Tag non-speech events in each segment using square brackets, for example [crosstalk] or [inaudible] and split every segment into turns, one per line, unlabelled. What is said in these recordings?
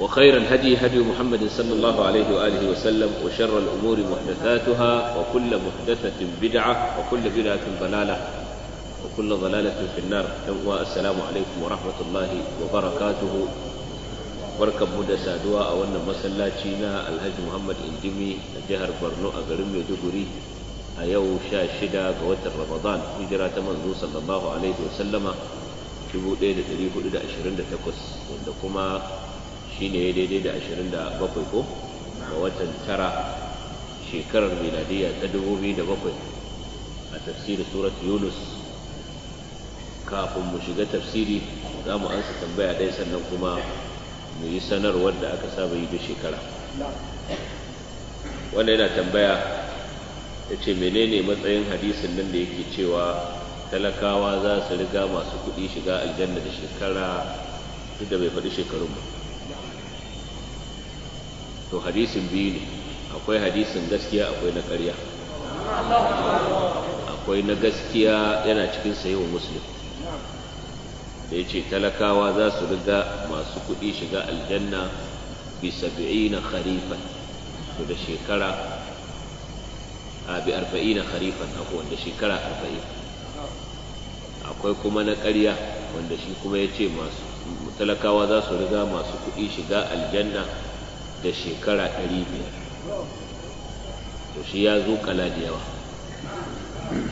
وخير الهدي هدي محمد صلى الله عليه وآله وسلم وشر الأمور محدثاتها وكل محدثة بدعة وكل بدعة ضلالة وكل ضلالة في النار والسلام عليكم ورحمة الله وبركاته da saduwa a wannan masallaci na alhaji muhammad indimi a jihar borno a garin maiduguri a yau sha shida ga watan ramadan hijira ta manzo sallallahu alaihi wasallama 1428 wanda kuma shine ya daidai da ashirin 27 ko a watan tara shekarar miladiyya ta 2007 a tafsirin surat yunus kafin mu shiga tafsiri za mu ansa tambaya ɗaya sannan kuma mu yi sanarwar da aka saba yi duk shekara wanda yana tambaya ya ce menene matsayin hadisin nan da yake cewa talakawa za su riga masu kuɗi shiga aljanna da shekara duk da bai faɗi shekarun ba to hadisin biyu ne akwai hadisin gaskiya akwai na ƙarya akwai na gaskiya yana cikin sayo muslim da ya ce talakawa za su riga masu kuɗi shiga aljanna bi na kharifan to da shekara a bi na kharifan ako wanda shekara arba'in akwai kuma na ƙarya wanda shi kuma ya ce masu talakawa za su riga masu kuɗi shiga aljanna da shekara ɗari biyar to shi ya zo kala da yawa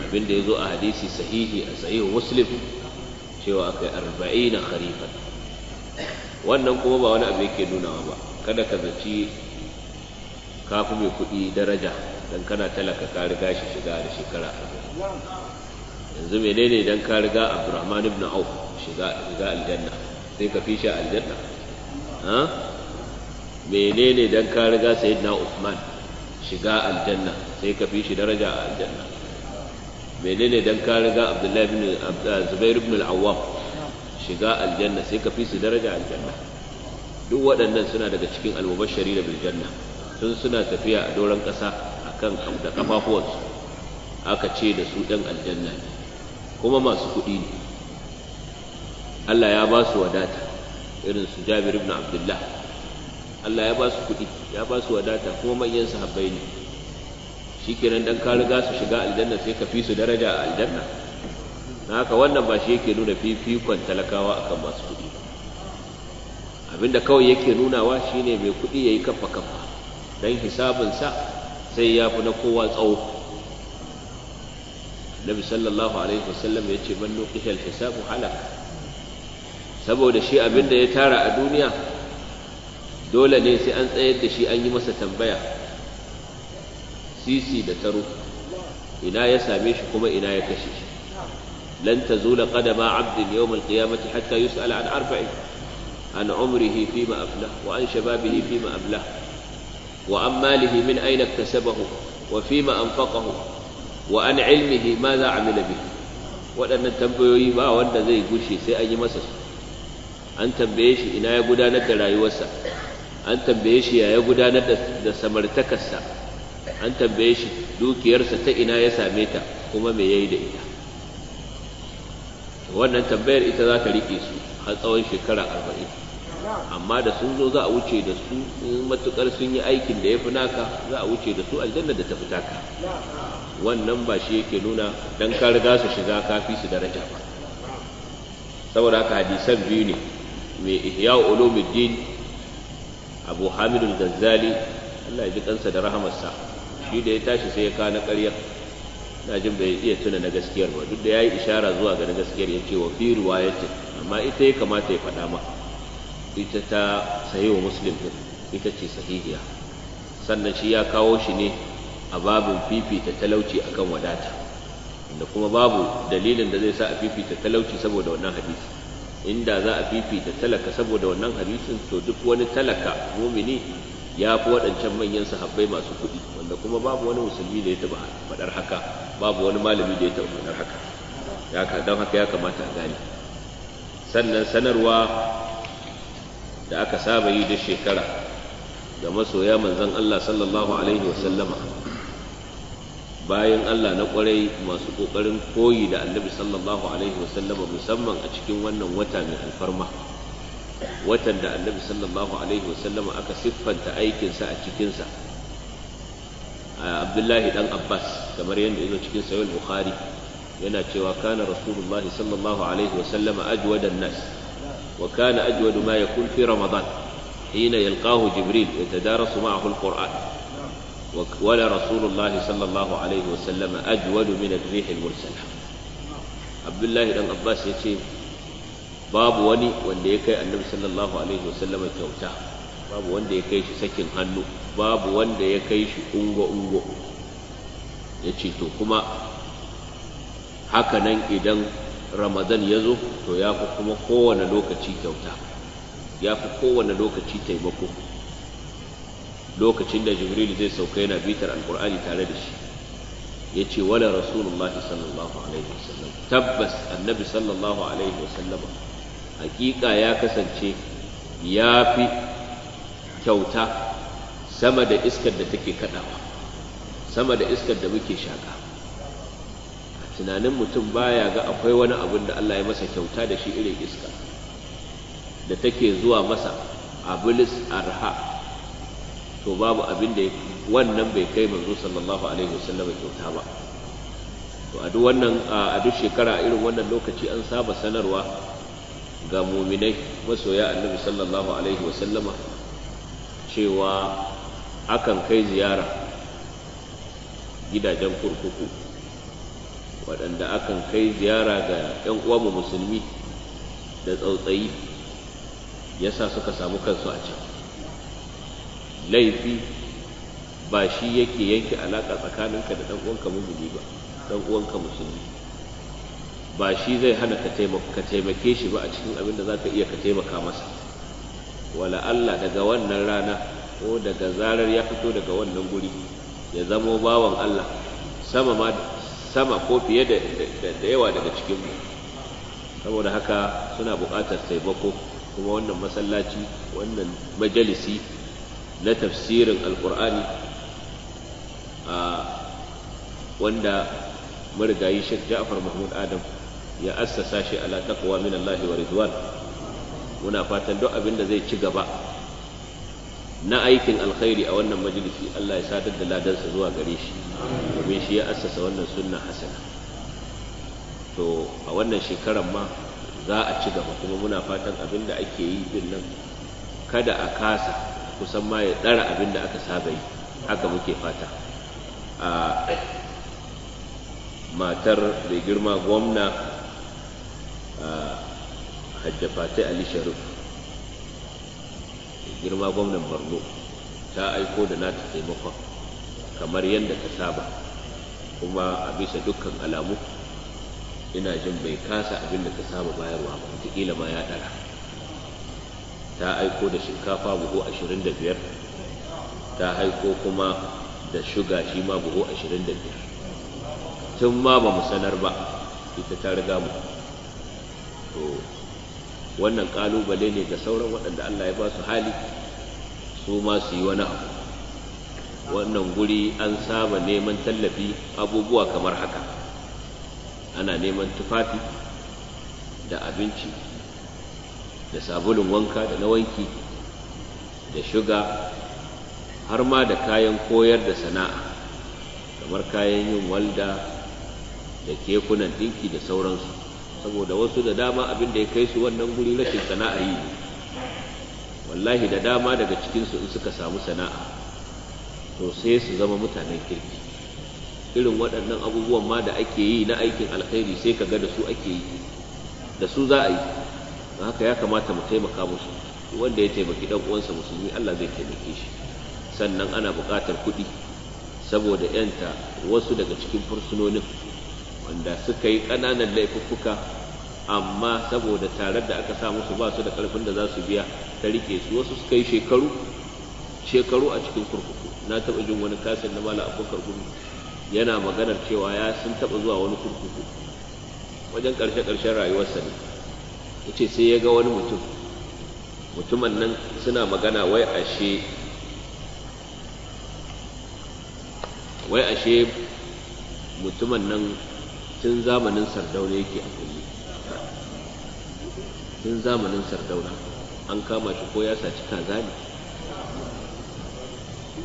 abinda ya zo a hadisi sahihi a sahihu muslim cewa akai arba'ina kharifan wannan kuma ba wani abu yake nunawa ba kada ka zaci ka fi mai kuɗi daraja don kana talaka ka riga shi shiga da shekara yanzu menene dan ka riga abdurrahman ibn auf shiga aljanna sai ka fi shi aljanna menene dan ka riga sayyidina Uthman shiga aljanna sai ka fi shi daraja a aljanna menene dan ka riga Abdullahi ibn Zubair ibn al-Awwam shiga aljanna sai ka fi su daraja a aljanna duk waɗannan suna daga cikin al-mubashshari da janna, tun suna tafiya a doron ƙasa akan da kafafuwansu aka ce da su ɗan aljanna ne kuma masu kuɗi ne Allah ya ba su wadata irin su Jabir ibn Abdullah Allah ya ba su kuɗi ya ba su wadata kuma manyan sahabbai ne kenan dan ka riga su shiga aljanna sai ka fi su daraja a aljanna na haka wannan ba shi yake nuna fifikon talakawa akan masu kuɗi Abin abinda kawai yake nunawa shine mai kuɗi yayi kafa kafa dan hisabinsa sai ya fi na kowa tsawo Nabi sallallahu alaihi wasallam ya ce man nuqihal hisabu halaka saboda shi abinda ya tara a duniya dole ne sai an tsayar da shi an yi masa tambaya sisi da taro ina ya same shi kuma ina ya kashe shi lan tazula qadama 'abdin yawm al-qiyamati hatta yus'ala an arba'in an umrihi fima aflah wa an shababihi fima ablah wa an malihi min ayna iktasabahu wa fi fima anfaqahu wa an 'ilmihi madha 'amila bihi waɗannan tambayoyi ba wanda zai gushe sai an yi masa su an tambaye shi ina ya gudanar da rayuwarsa an tambaye shi ya gudanar da samartakarsa an tambaye shi dukiyarsa ta ina ya same ta kuma me yayi da ita wannan tambayar ita za ta rike su har tsawon shekara arba'in amma da sun zo za a wuce da su matukar sun yi aikin da ya fi naka za a wuce da su aljanna da ta fi taka wannan ba shi yake nuna dan ka riga su shiga kafi su daraja ba saboda haka hadisan biyu ne mai ihya ulumuddin abu hamidul gazzali Allah ya ji kansa da rahamarsa shi da ya tashi sai ya kawo na ƙarya na jin bai iya tuna na gaskiyar ba duk da ya yi ishara zuwa ga na gaskiyar ya ce wa fi riwayatin amma ita ya kamata ya faɗa ma ita ta wa muslim din ita ce sahihiya sannan shi ya kawo shi ne a babin fifita talauci akan wadata da kuma babu dalilin da zai sa a fifita talauci saboda wannan hadisi inda za a fifita talaka saboda wannan hadisin to duk wani talaka mumini ya fi waɗancan manyan sahabbai masu kuɗi wanda kuma babu wani musulmi da ya taɓa faɗar haka babu wani malami da ya taɓa faɗar haka don haka ya kamata a gane sannan sanarwa da aka saba yi da shekara ga masoya manzon Allah sallallahu alaihi wasallama bayan Allah na kwarai masu kokarin koyi da annabi sallallahu alaihi wasallama musamman a cikin wannan wata mai alfarma watan da annabi sallallahu alaihi wasallama aka siffanta aikinsa a cikinsa abdullahi dan abbas kamar yadda yazo cikin sahih bukhari yana cewa kana rasulullah sallallahu alaihi wasallama ajwadan nas wa kana ajwadu ma yakun fi ramadan hina yalqahu jibril yatadarasu ma'ahu alquran ولا رسول الله صلى الله عليه وسلم أجود من الريح المرسلة عبد الله بن عباس يتي باب وني wanda ya kai annabi sallallahu alaihi wasallam kyauta babu wanda ya kai shi sakin hannu babu wanda ya kai shi ungo ungo ya ce to kuma haka nan idan ramadan ya zo to ya fi kuma kowane lokaci lokaci taimako lokacin da jibril zai sauka yana bitar alqur'ani tare da shi yace wala rasulullahi sallallahu alaihi wasallam tabbas annabi sallallahu alaihi wasallam hakika ya kasance ya fi kyauta sama da iskar da take kadawa sama da iskar da muke shaka a tunanin mutum baya ga akwai wani abin da Allah ya masa kyauta da shi irin iska da take zuwa masa a bilis arha to babu abin da wannan bai kai manzo sallallahu alaihi wasallam kyauta ba to a duk wannan a duk shekara irin wannan lokaci an saba sanarwa ga muminai masoya annabi sallallahu alaihi wasallama cewa akan kai ziyara gidajen kurkuku waɗanda akan kai ziyara ga 'yan uwanmu musulmi da tsautsayi yasa suka samu kansu a can laifi ba shi yake yanke alaka tsakaninka da dan uwanka musulmi ba dan uwanka musulmi ba shi zai hana ka taimaka taimake shi ba a cikin abin da zaka iya ka taimaka masa wala Allah daga wannan rana ko daga zarar ya fito daga wannan guri ya zamo bawan Allah sama ma sama ko fiye da yawa daga cikin mu saboda haka suna buƙatar taimako kuma wannan masallaci wannan majalisi na tafsirin alkur'ani a wanda marigayi Sheikh Ja'far Mahmud Adam ya assasa shi ala taqwa min Allah wa ridwan muna fatan duk abin da zai ci gaba na aikin alkhairi a wannan majalisi Allah ya sadar da ladansa zuwa gare shi domin shi ya assasa wannan sunna hasana to a wannan shekarar ma za a ci gaba kuma muna fatan abin da ake yi din nan kada a kasa kusan ma ya ɗara abin da aka saba yi haka muke fata a matar mai girma gwamna a hajjafatai ali sharif mai girma gwamnan borno ta aiko da nata taimakon kamar yadda ta saba kuma a bisa dukkan alamu ina jin bai kasa abin da ta saba bayarwa ba wataƙila ma ya ɗara ta aiko da shinkafa buhu 25 ta aiko kuma da shuga shi ma buhu 25 tun ma ba sanar ba ita ta riga mu to wannan kalubale ne da sauran waɗanda Allah ya ba su hali su ma su yi wani abu wannan guri an saba neman tallafi abubuwa kamar haka ana neman tufafi da abinci da sabulun wanka da na wanki da shuga har ma da kayan koyar da sana'a kamar kayan yin walda da kekunan dinki da sauransu saboda wasu da dama abin da ya kai su wannan guri rashin sana'a yi wallahi da dama daga cikinsu in suka samu sana'a to sai su zama mutanen kirki irin waɗannan abubuwan ma da ake yi na aikin alkhairi sai ka ga da su ake yi da su za a yi haka ya kamata mu taimaka musu wanda ya taimaki dan uwansa musulmi Allah zai taimake shi sannan ana buƙatar kuɗi saboda yanta wasu daga cikin fursunonin wanda suka yi ƙananan laifuffuka amma saboda tare da aka sa musu ba su da ƙarfin da za su biya ta rike su wasu suka yi shekaru shekaru a cikin kurkuku na taɓa jin wani kasin na mala abokar gudu yana maganar cewa ya sun taɓa zuwa wani kurkuku wajen ƙarshe-ƙarshen rayuwarsa ne yace sai ya ga wani mutum mutumin nan suna magana wai ashe wai ashe mutumin nan tun zamanin sardauna yake a kulle tun zamanin sardauna an kama shi ko ya saci kaza ne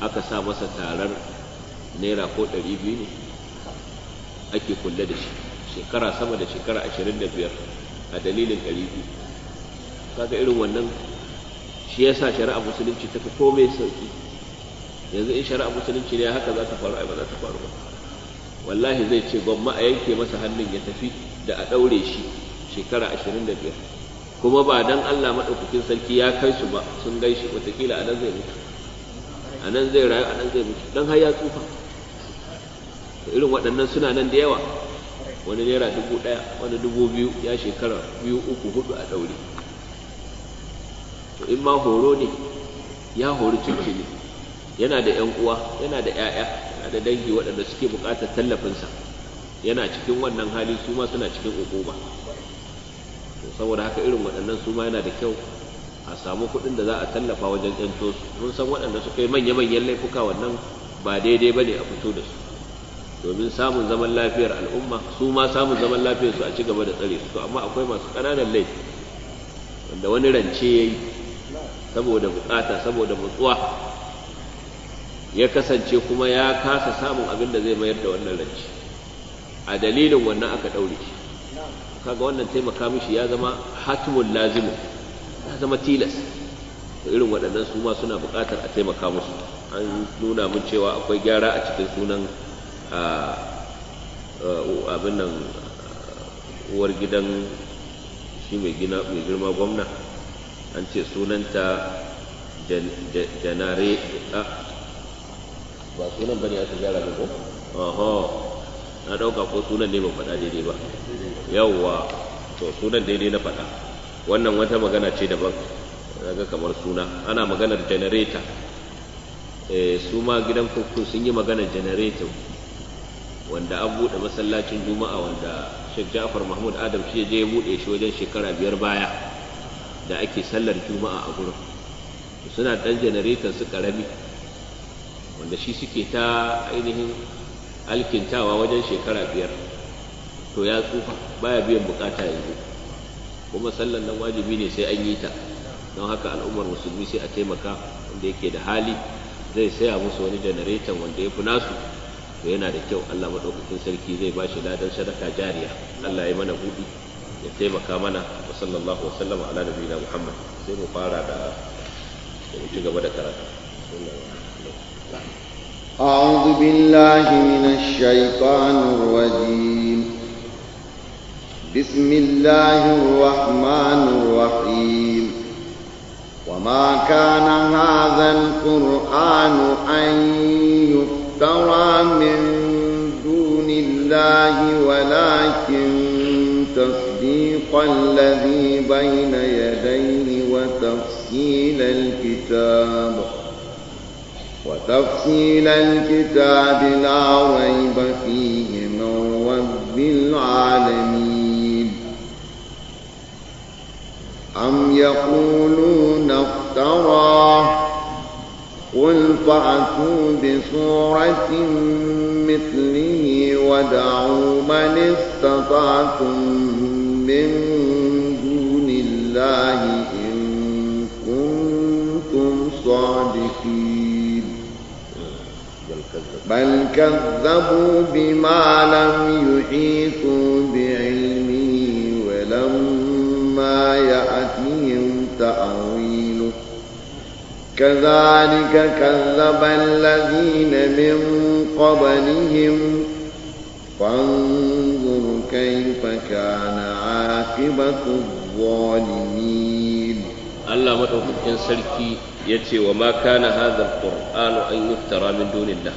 aka sa masa tarar naira ko ɗari biyu ne ake kulle da shi shekara sama da shekara ashirin da biyar a dalilin ɗari biyu kaga irin wannan shi yasa shari'a musulunci ta fi komai sauki yanzu in shari'a musulunci ne haka za ta faru ai ba za ta faru ba wallahi zai ce gwamma a yanke masa hannun ya tafi da a ɗaure shi shekara ashirin da biyar kuma ba dan Allah maɗaukakin sarki ya kai su ba sun gai shi watakila a nan zai mutu a nan zai rayu a nan zai mutu don har ya tsufa irin waɗannan suna nan da yawa wani naira dubu ɗaya wani dubu biyu ya shekara biyu uku hudu a ɗauri. to in ma horo ne ya hori cikin yana da ‘yan uwa yana da ‘ya'ya yana da dangi waɗanda suke buƙatar tallafinsa yana cikin wannan hali su ma suna cikin ukuba to saboda haka irin waɗannan su ma yana da kyau a samu kuɗin da za a tallafa wajen yan su mun san waɗanda suka yi manya-manyan laifuka wannan ba daidai ba ne a fito da su domin samun zaman lafiyar al'umma su ma samun zaman lafiyar su a ci gaba da tsare su to amma akwai masu ƙananan laifi wanda wani rance ya yi saboda bukata saboda matsuwa ya kasance kuma ya kasa samun abin da zai mayar da wannan rance a dalilin wannan aka ɗaure shi kaga wannan taimaka mishi ya zama hatimun lazimu ya zama tilas irin waɗannan su ma suna buƙatar a taimaka musu an nuna mun cewa akwai gyara a cikin sunan abin nan uwar gidan shi mai girma gwamna an ce sunanta janare ba sunan bane aka gyara mai ko na ɗauka ko sunan ne ba faɗa daidai ba yawwa to sunan daidai na faɗa wannan wata magana ce daban daga kamar suna ana maganar janareta eh, su ma gidan kurkun sun yi maganar janareta wanda an buɗe masallacin juma'a wanda shek ja'far mahmud adam shi je ya buɗe shi wajen shekara biyar baya da ake sallar juma'a a gurin suna ɗan janaretan su ƙarami wanda shi suke ta ainihin alkintawa wajen shekara biyar to ya tsufa baya biyan bukata yanzu kuma sallan nan wajibi ne sai an yi ta don haka al'ummar musulmi sai a taimaka wanda yake da hali zai saya musu wani janaretan wanda ya fi nasu to yana da kyau Allah madaukakin sarki zai bashi ladan sadaka jariya Allah ya mana buɗi ya taimaka mana wa sallallahu wa sallama ala nabiyina Muhammad sai mu fara da mu ci gaba da karatu
أعوذ بالله من الشيطان الرجيم بسم الله الرحمن الرحيم وما كان هذا القرآن أن يفتح يفترى من دون الله ولكن تصديق الذي بين يديه وتفصيل الكتاب وتفصيل الكتاب لا ريب فيه من رب العالمين أم يقولون افتراه فأتوا بسورة مثله ودعوا من استطعتم من دون الله إن كنتم صادقين بل كذبوا بما لم يحيطوا بعلمه ولما يأتيهم تأويل كذلك كذب الذين من قبلهم فانظر كيف كان عاقبة الظالمين
الله إن سلكي يتي وما كان هذا القرآن أن يفترى من دون الله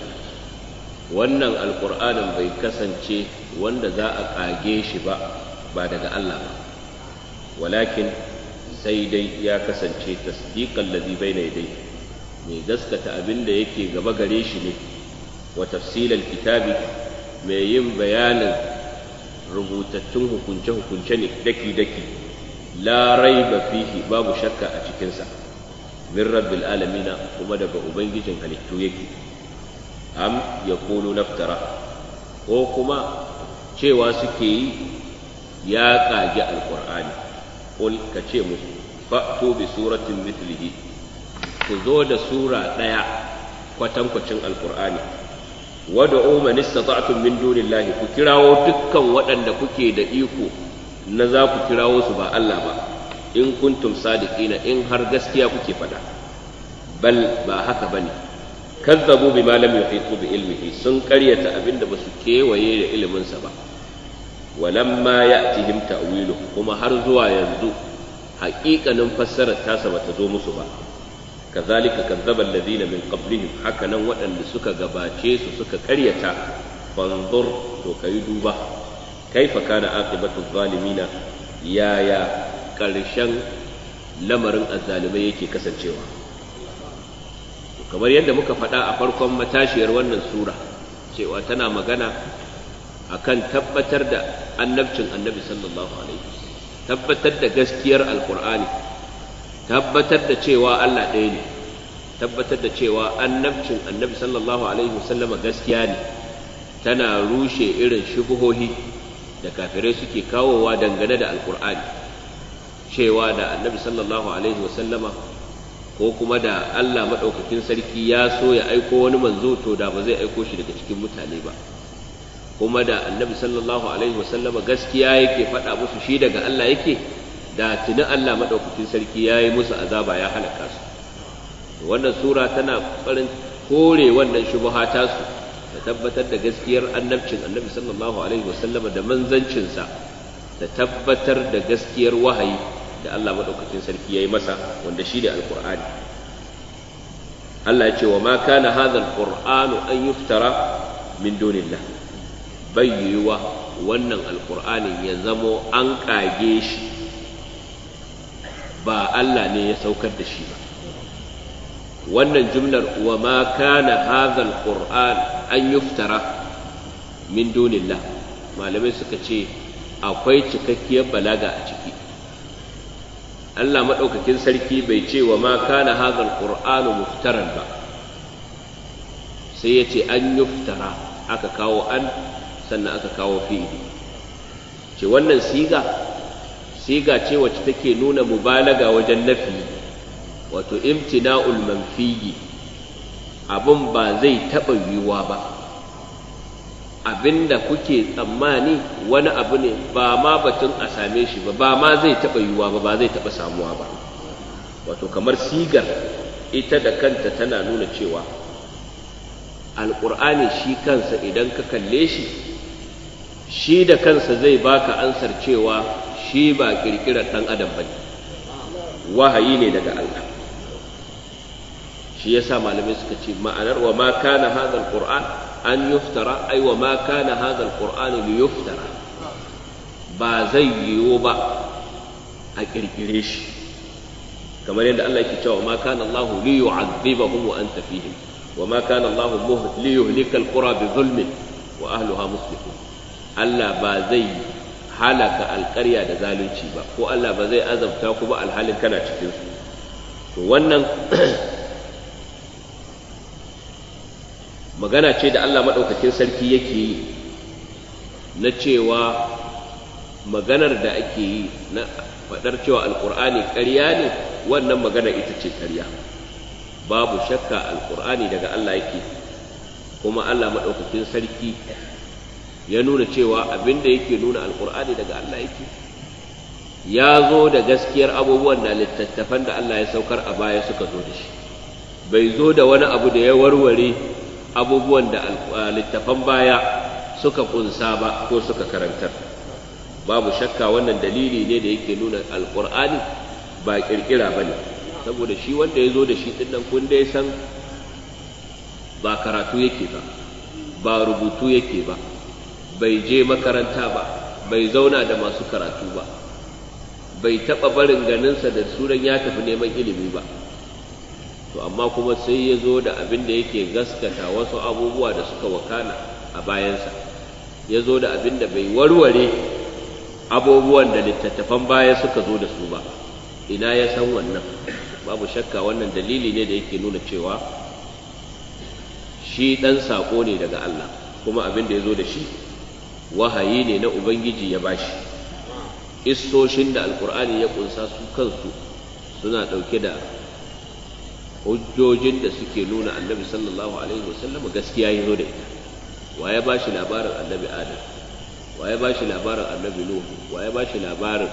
wannan alƙur'anin bai kasance wanda za a ƙage shi ba ba daga Allah ba walakin sai dai ya kasance tasdiqan ladhi baina yadayhi mai gaskata abin da yake gaba gare shi ne wa tafsilal kitabi mai yin bayanin rubutattun hukunce-hukunce ne daki-daki la raiba fihi babu shakka a cikinsa min rabbil alamina kuma daga ubangijin halittu yake am ya kolo naftara ko kuma cewa suke yi ya kage alƙur'ani qul ka ce musu fa'tu bi suratin mithlihi ku zo da sura daya kwatankwacin alqur'ani wad'u man istata'tum min dunillahi ku kirawo dukkan waɗanda kuke da iko na za ku kirawo su ba Allah ba in kuntum sadiqina in har gaskiya kuke fada bal ba haka bane kazzabu bima lam yuhitu bi ilmihi sun karyata abinda basu kewaye da iliminsa ba walamma ya'tihim ta'wilu kuma har zuwa yanzu haƙiƙanin fassarar tasa bata zo musu ba kazalika kazzaba alladhina min qablihim haka nan waɗanda suka gabace su suka karyata fanzur to kai duba kaifa kana aqibatu na yaya ƙarshen lamarin azzalimai yake kasancewa kamar yadda muka faɗa a farkon matashiyar wannan sura cewa tana magana akan tabbatar da annabcin annabi sallallahu alaihi tabbatar da gaskiyar alkur'ani tabbatar da cewa Allah ɗaya ne tabbatar da cewa annabcin annabi sallallahu alaihi wasallama gaskiya ne tana rushe irin shubuhohi da kafirai suke kawowa dangane da alkur'ani cewa da annabi sallallahu alaihi wasallama ko kuma da Allah maɗaukakin sarki ya so ya aiko wani manzo to da ba zai aiko shi daga cikin mutane ba kuma da annabi sallallahu alaihi wasallama gaskiya yake faɗa musu shi daga Allah yake da tuni Allah maɗaukakin sarki ya yi musu azaba ya halaka su wannan sura tana ƙoƙarin kore wannan shubuha ta su ta tabbatar da gaskiyar annabcin annabi sallallahu alaihi wasallama da manzancinsa ta tabbatar da gaskiyar wahayi da Allah maɗaukakin sarki ya yi masa wanda shi ne alƙur'ani Allah ya ce wa ma kana hadha alqur'anu an yuftara min dunillah bai yiwuwa wannan alkur'anin ya zamo an ƙage shi ba Allah ne ya saukar da shi ba wannan jumlar wa ma kana hadhal qur'an an yuftara min dunillah malamai suka ce akwai cikakkiyar balaga a ciki Allah maɗaukakin sarki bai ce wa ma kana hadhal qur'anu muftaran ba sai ya ce an yuftara aka kawo an sannan aka kawo fi'ili ce wannan siga siga ce wacce take nuna mubalaga wajen nafi wato imtina'ul manfiyi Abun ba zai taɓa yiwuwa ba abinda kuke tsammani wani abu ne ba ma batun a same shi ba ba ma zai taɓa yiwuwa ba ba zai taɓa samuwa ba wato kamar sigar ita da kanta tana nuna cewa alƙur'ani shi kansa idan ka kalle shi shi da kansa zai baka ansar cewa shi ba kirkirar ɗan adam ba ne wahayi ne daga Allah shi yasa malamai suka ce ma'anar wa ma kana hadha alquran an yuftara ai wa ma kana hadha alquran li yuftara ba zai yiwu ba a kirkire shi kamar yadda Allah yake cewa ma kana Allah li yu'adhibahum wa anta fihim wa ma kana Allah li yuhlika alqura bi dhulmin wa ahliha muslimun Allah ba zai halaka alƙarya da zalunci ba ko Allah ba zai azabta ku ba alhalin kana cikin su to wannan magana ce da Allah maɗaukakin sarki yake yi na cewa maganar da ake yi na faɗar cewa alƙur'ani ƙarya ne wannan magana ita ce ƙarya babu shakka alƙur'ani daga Allah yake kuma Allah maɗaukakin sarki ya nuna cewa abin da yake nuna alkur'ani daga Allah yake ya zo da gaskiyar abubuwan da littattafan da Allah ya saukar a baya suka zo da shi bai zo da wani abu da ya warware abubuwan da littattafan baya suka kunsa ba ko suka karantar babu shakka wannan dalili ne da yake nuna alkur'ani ba kirkira ba ne saboda shi wanda ya zo da shi ɗin nan kun dai san ba karatu yake ba ba rubutu yake ba bai je makaranta ba bai zauna da masu karatu ba bai taɓa barin ganinsa da suran ya tafi neman ilimi ba to amma kuma sai ya zo da abin da yake gaskata wasu abubuwa da suka wakana a bayansa ya zo da abin da bai warware abubuwan da littattafan baya suka zo da su ba ina ya san wannan babu shakka wannan dalili ne da yake nuna cewa shi ɗan saƙo ne daga Allah kuma abin da ya zo da shi wahayi ne na ubangiji ya bashi isoshin da alkur'ani ya kunsa su kansu suna ɗauke da hujjojin da suke nuna annabi sallallahu alaihi wasallam gaskiya ya zo da ita wa ya bashi labarin annabi adam wa ya bashi labarin annabi nuhu wa ya bashi labarin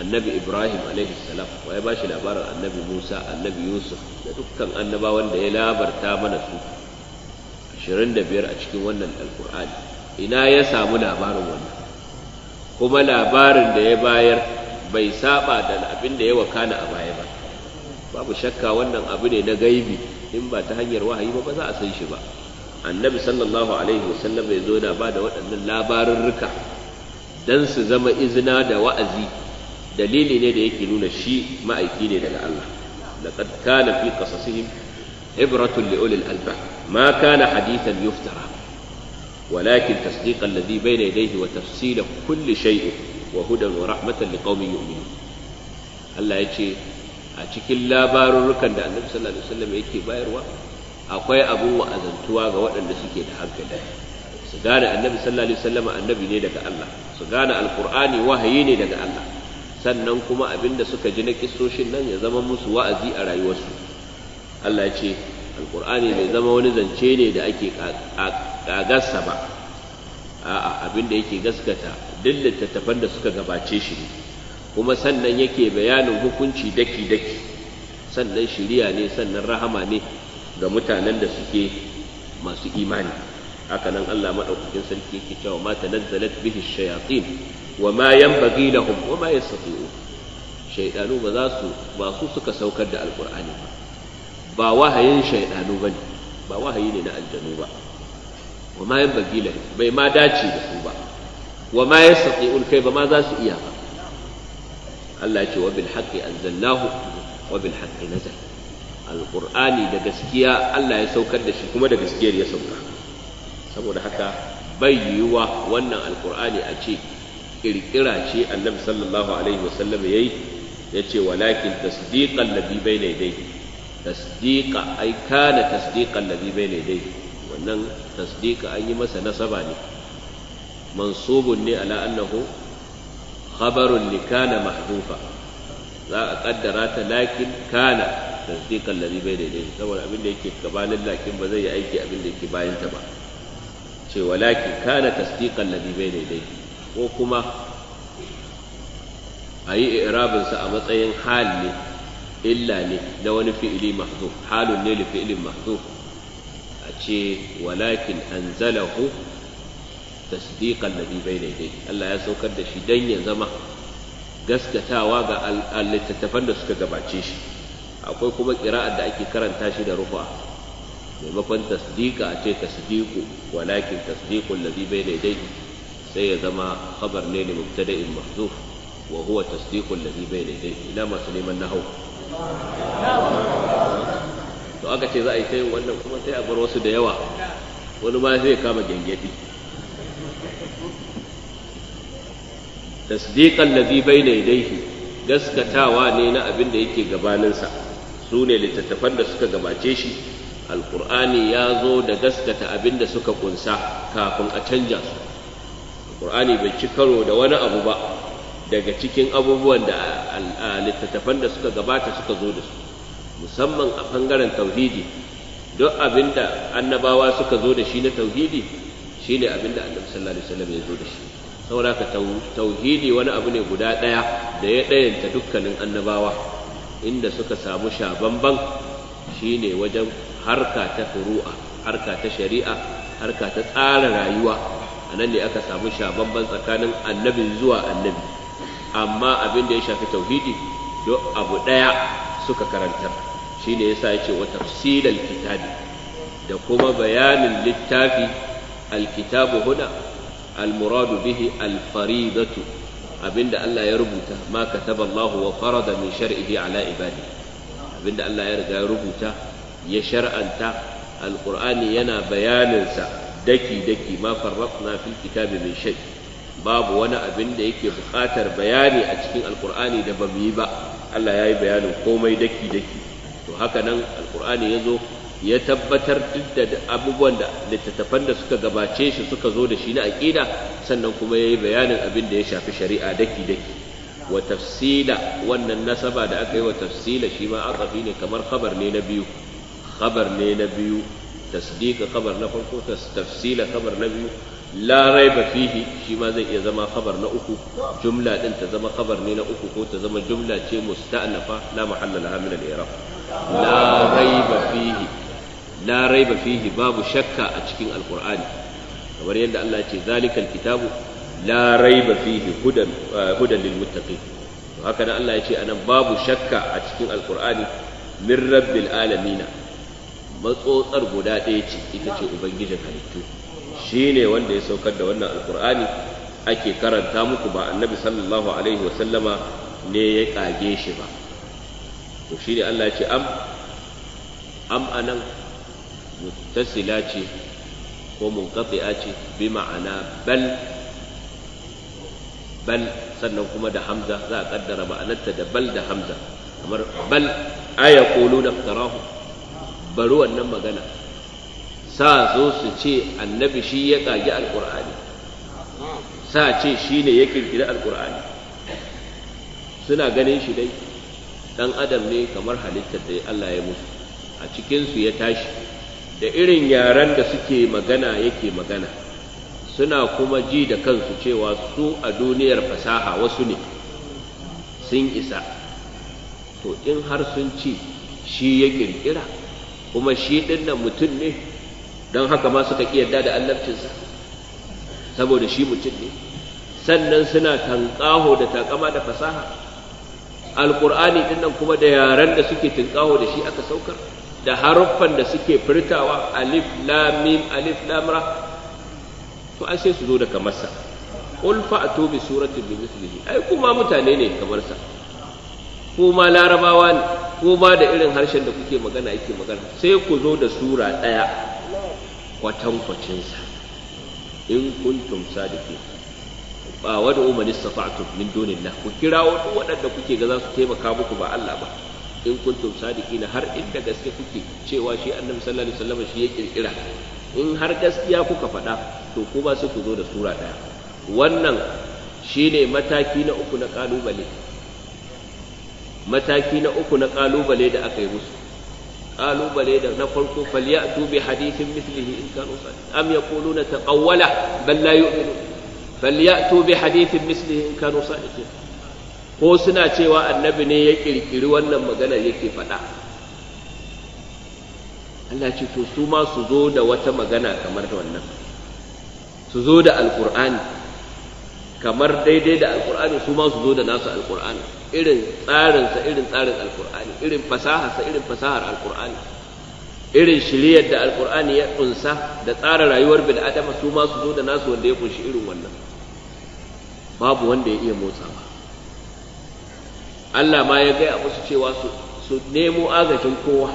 annabi ibrahim alaihi salam wa ya bashi labarin annabi musa annabi yusuf da dukkan annabawan da ya labarta mana su 25 a cikin wannan alkur'ani ina ya samu labarin wannan kuma labarin da ya bayar bai saba da abin da ya wakana a baya ba babu shakka wannan abu ne na gaibi in ba ta hanyar wahayi ba ba za a san shi ba annabi sallallahu alaihi wasallam bai zo da ba da waɗannan rika don su zama izina da wa'azi dalili ne da yake nuna shi ma'aiki ne daga Allah laqad kana fi qasasihim ibratun li ulil albab ma kana hadithan yuftara walakin tasdiqan alladhi bayna yadayhi wa tafsila kulli shaidu, wa hudan wa rahmatan liqaumin yu'minun Allah ya ce a cikin labarurrukan da Annabi sallallahu alaihi wasallam yake bayarwa akwai abun wa'azantuwa ga waɗanda suke da hankali su gane Annabi sallallahu alaihi wasallam annabi ne daga Allah su gane alqur'ani wahayi ne daga Allah sannan kuma abin da suka ji na kissoshin nan ya zama musu wa'azi a rayuwarsu Allah ya ce alkur'ani bai zama wani zance ne da ake kagarsa ba a'a abin da yake gaskata duk littattafan da suka gabace shi ne kuma sannan yake bayanin hukunci daki daki sannan shiriya ne sannan rahama ne ga mutanen da suke masu imani hakanan Allah madaukakin sarki yake cewa ma tanazzalat bihi shayatin wa ma yanbaghi lahum wa ma yastati'un shaydanu ba za su ba su suka saukar da alqur'ani ba ba wahayin shaidanu ba ne ba wahayi ne na aljanu ba wa ma yan bagila bai ma dace da su ba wa ma yastati'ul kai ba ma za su iya ba Allah ce wa bil haqqi anzalnahu wa bil haqqi nazal alqur'ani da gaskiya Allah ya saukar da shi kuma da gaskiyar ya sauka saboda haka bai yiwuwa wannan Alƙur'ani a ce ƙirƙira ce annabi sallallahu alaihi wasallam yayi yace walakin tasdiqan ladhi bayna yadayhi tasdiqa ai kana tasdiqan ladhi bayna yadayhi wannan tasdiqa an yi masa nasaba ne mansubun ne ala annahu khabarun li kana mahdufa za a kaddara ta lakin kana tasdiqan ladhi bayna yadayhi saboda abin da yake gabanin lakin ba zai yi aiki abin da yake bayan ta ba ce walakin kana tasdiqan ladhi bayna yadayhi ko kuma ayi i'rabin sa a matsayin hali ne illa ne na wani fi'ili mahzuf halun ne li fi'ilin mahzuf a ce walakin an anzalahu tasdiqan ladhi bayna daidai. Allah ya saukar da shi don ya zama gaskatawa ga littattafan da suka gabace shi akwai kuma kira'ar da ake karanta shi da rufa maimakon tasdiqa a ce ta tasdiqu walakin tasdiqu alladhi bayna daidai sai ya zama khabar ne li mubtada'in mahzuf wa huwa tasdiqu alladhi bayna yadayhi ila ma suliman nahwu to aka ce za a yi ta yin wannan kuma sai a bar wasu da yawa wani ma zai kama gyangyaɗi tasdiqan ladhi bayna yadayhi gaskatawa ne na abin da yake gabaninsa su ne littattafan da suka gabace shi alkur'ani ya zo da gaskata abin da suka kunsa kafin a canja su bai ci karo da wani abu ba daga cikin abubuwan da littattafan da suka gabata suka zo da su musamman a ɓangaren tauhidi duk abin da annabawa suka zo da shi na tauhidi shi ne abin da annabi sallallahu alaihi wasallam ya zo da shi saboda ka tauhidi wani abu ne guda ɗaya da ya ɗayanta dukkanin annabawa inda suka samu shabamban shi ne wajen harka ta furu'a harka ta shari'a harka ta tsara rayuwa a nan ne aka samu shabamban tsakanin annabi zuwa annabi amma abin da ya shafi tauhidi duk abu ɗaya suka karantar shi ne yasa ya ce wa tafsilal kitabi da kuma bayanin littafi alkitabu huda, almuradu bihi alfaridatu abinda Allah ya rubuta ma kataba Allah wa farada min shar'ihi ala ibadi abinda Allah ya riga ya rubuta ya shar'anta alqur'ani yana bayanin sa daki daki ma farratna fil kitabi min shay' babu wani abin da yake buƙatar bayani a cikin alkur'ani da ba mu yi ba Allah ya yi bayanin komai daki daki to haka nan alkur'ani ya zo ya tabbatar duk da abubuwan da littattafan da suka gabace shi suka zo da shi na aƙida sannan kuma ya yi bayanin abin da ya shafi shari'a daki daki wa tafsila wannan nasaba da aka yi wa tafsila shi ma ne kamar khabar ne na biyu khabar ne na biyu tasdiqa khabar na farko tafsila khabar na biyu la raiba fihi shi ma zai iya zama khabar na uku jumla din ta zama khabar ne na uku ko ta zama jumla ce musta'nafa la mahalla laha min al la raiba fihi la raiba fihi babu shakka a cikin alqur'ani kamar yadda Allah ce zalikal kitabu la raiba fihi hudan eh, hudan lil muttaqin haka nan Allah ya ce anan babu shakka a cikin alqur'ani min rabbil alamina matsotsar guda ɗaya ce ita ce ubangijin halittu shine wanda ya saukar da wannan alkur'ani ake karanta muku ba annabi sallallahu alaihi wa sallama ne ya kage shi ba to shine Allah ya ce am am anan muttasila ce ko munqati'a ce bi ma'ana bal bal sannan kuma da hamza za a kaddara ma'anarta da bal da hamza kamar bal aya quluna iftarahu bari wannan magana sa zo su ce annabi shi ya ƙagi alƙur'ani sa ce shi ne ya ƙirƙiri alƙur'ani suna ganin shi dai ɗan adam ne kamar halittar da Allah ya musu a cikinsu ya tashi da irin yaren da suke magana yake magana suna kuma ji da kansu cewa su a duniyar fasaha wasu ne sun isa to in har sun ci shi ya ƙirƙira kuma shi ɗin mutum ne don haka ma suka ƙi yadda da annabcinsa saboda shi mutum ne sannan suna tanƙaho da takama da fasaha alƙur'ani ɗin nan kuma da yaren da suke tanƙaho da shi aka saukar da haruffan da suke furtawa alif lamim alif lamra to ai sai su zo da kamar sa qul fa'tu bi suratin bi mithlihi ai kuma mutane ne kamar sa ko larabawa ne ko da irin harshen da kuke magana yake magana sai ku zo da sura ɗaya kwatankwacinsa in kuntum sadiki ba wani umani safa'tum min na ku kira duk waɗanda kuke ga za su taimaka muku ba Allah ba in kuntum na har inda gaske kuke cewa shi annabi sallallahu alaihi wasallam shi ya kirkira in har gaskiya kuka faɗa to kuma sai ku zo da sura ɗaya wannan shine mataki na uku na kalubale mataki na uku na ƙalubale da aka yi musu kalubale da na farko falyatu bi hadithin mislihi in kanu sadiqin am yaquluna taqawwala bal la yu'minu falyatu bi hadithin mislihi in kanu sadiqin ko suna cewa annabi ne ya kirkiri wannan magana yake faɗa Allah ce to su ma su zo da wata magana kamar da wannan su zo da alqur'ani kamar daidai da alkur'ani su ma su zo da nasu alkur'ani irin tsarinsa irin tsarin alkur'ani irin fasaharsa irin fasahar alkur'ani irin shiriyar da alkur'ani ya kunsa da tsara rayuwar bil adama su ma su zo da nasu wanda ya kunshi irin wannan babu wanda ya iya motsa ba. Allah ma ya gaya musu cewa su nemo agajin kowa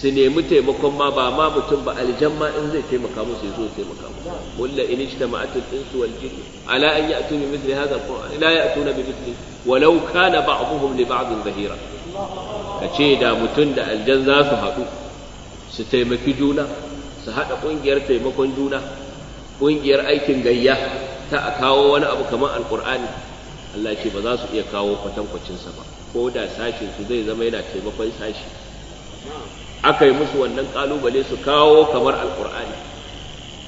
su nemi taimakon ma ba ma mutum ba aljan ma in zai taimaka musu ya zo taimaka musu walla in ijtama'at al-insu wal jinn ala an ya'tu bi mithli hadha al-qur'an la ya'tuna bi mithli walau kana ba'dhum li ba'd zahira kace da mutum da aljan za su haɗu su taimaki juna su haɗa ƙungiyar taimakon juna ƙungiyar aikin gayya ta a kawo wani abu kamar alƙur'ani Allah ce ba za su iya kawo kwatankwacinsa ba ko da sashin su zai zama yana taimakon sashi aka yi musu wannan kalubale su kawo kamar alkur'ani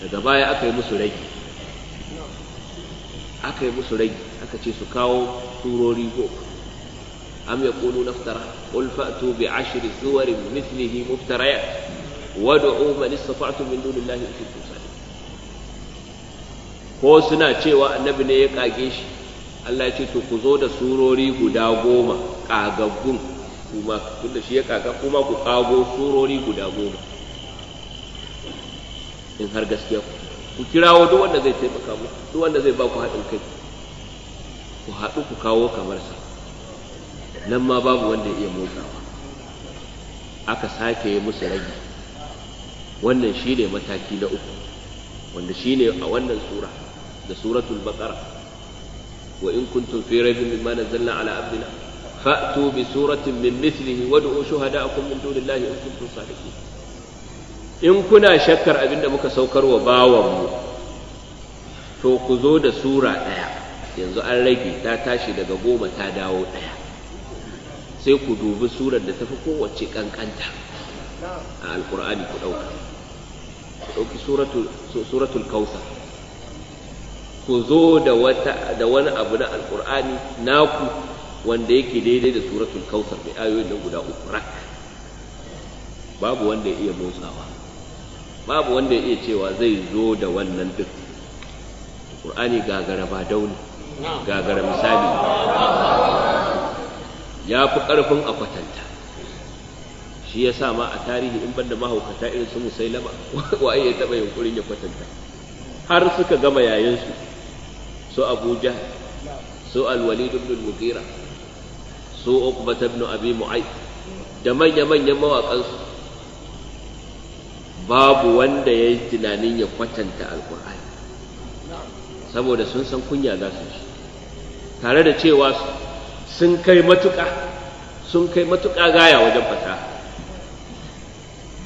daga baya aka yi musu rage aka yi musu rage aka ce su kawo surori go am ya kulu naftara qul fa'tu bi ashri suwarin mithlihi muftariyat wad'u man istata'tum min dunillahi in kuntum ko suna cewa annabi ne ya kage shi Allah ya ce to ku zo da surori guda goma kagaggun kuma tunda shi ya kaka kuma ku kago surori guda goma in har gaskiya ku Ku kirawo duk wanda zai taimaka muku duk wanda zai ba ku haɗin kai ku haɗu ku kawo kamar sa nan ma babu wanda ya iya motsawa aka sake musu ragi wannan shi ne mataki na uku wanda shi ne a wannan sura da suratul baqara wa in kuntum fi raibin mimma nazzalna ala abdina فأتوا بسورة من مثله mithlihi شهداءكم من دون الله إن كنتم صادقين in kuna shakkar أبن muka saukar wa bawanmu to ku zo da sura ɗaya yanzu an rage ta tashi daga goma ta dawo ɗaya sai ku dubi surar da tafi kowace ƙanƙanta a alƙur'ani ku ɗauka ku ɗauki suratul ku zo da wani abu na alƙur'ani naku wanda yake daidai da suratul kautsar da ayoyin nan guda uku rak babu wanda ya iya motsawa babu wanda ya iya cewa zai zo da wannan duk qur'ani gagara ba dauni gagara misali ya fi ƙarfin a kwatanta shi ya sa ma a tarihi in banda mahaukata irin su musailama [laughs] waye ya taɓa yunkurin ya kwatanta har suka gama yayinsu su abuja su alwalid ibn al-mughira su uqba ibn abi mu'ayth da manya manyan mawaƙan su babu wanda ya yi tunanin ya kwatanta alqur'ani saboda sun san kunya za su shi tare da cewa sun kai matuƙa sun kai matuƙa gaya wajen fasaha